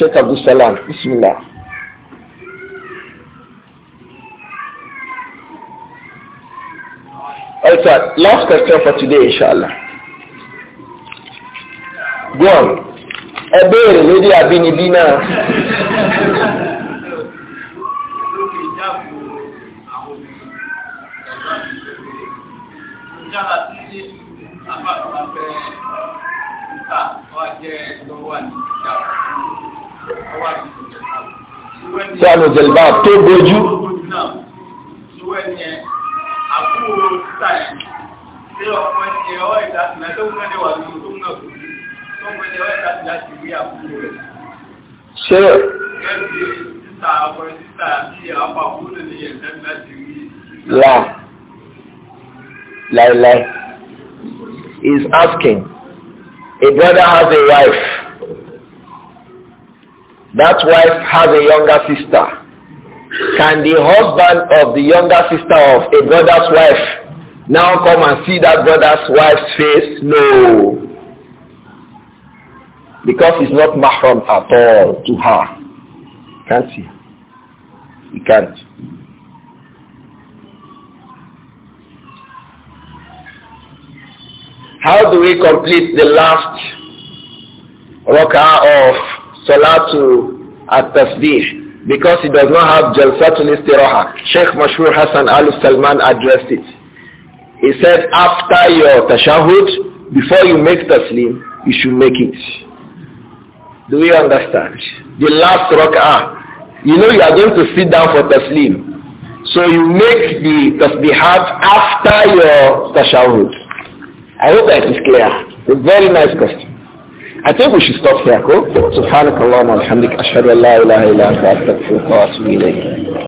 Sheikh Abdul Salam, Bismillah. All right, last question for today, inshallah. Go on. Ẹ béèrè lórí àbínibí náà. Sọ́nù Zelbab tó bójú àbúrò títà yìí tí ọkọ̀ ẹni ọwọ́ ìdásílẹ̀ tó mú ẹni wà lórí tó mú ẹ̀kú tó mú ẹni ọwọ́ ìdásílẹ̀ ti rí àbúrò rẹ̀. ṣé. gẹ́gẹ́ bí títà ọkọ̀ títà tí àwọn àbúrò ní ẹ̀dẹ́gbẹ́ ti asking a brother has a wife that wife has a younger sister. Can the husband of the younger sister of a brother's wife now come and see that brother's wife's face? No. Because he's not mahram at all to her. Can't see. He can't. How do we complete the last rak'ah of Salatul at-Tasbih? because he does not have Jalsatul Istiraha. Sheikh Mashur Hassan Al-Salman addressed it. He said, after your tashahud, before you make taslim, you should make it. Do you understand? The last rak'ah. You know you are going to sit down for taslim. So you make the tasbihat after your tashahud. I hope that is clear. A very nice question. I think we should stop here. Subhanakallah, alhamdulillah, ashhadu an la ilaha illa anta astaghfiruka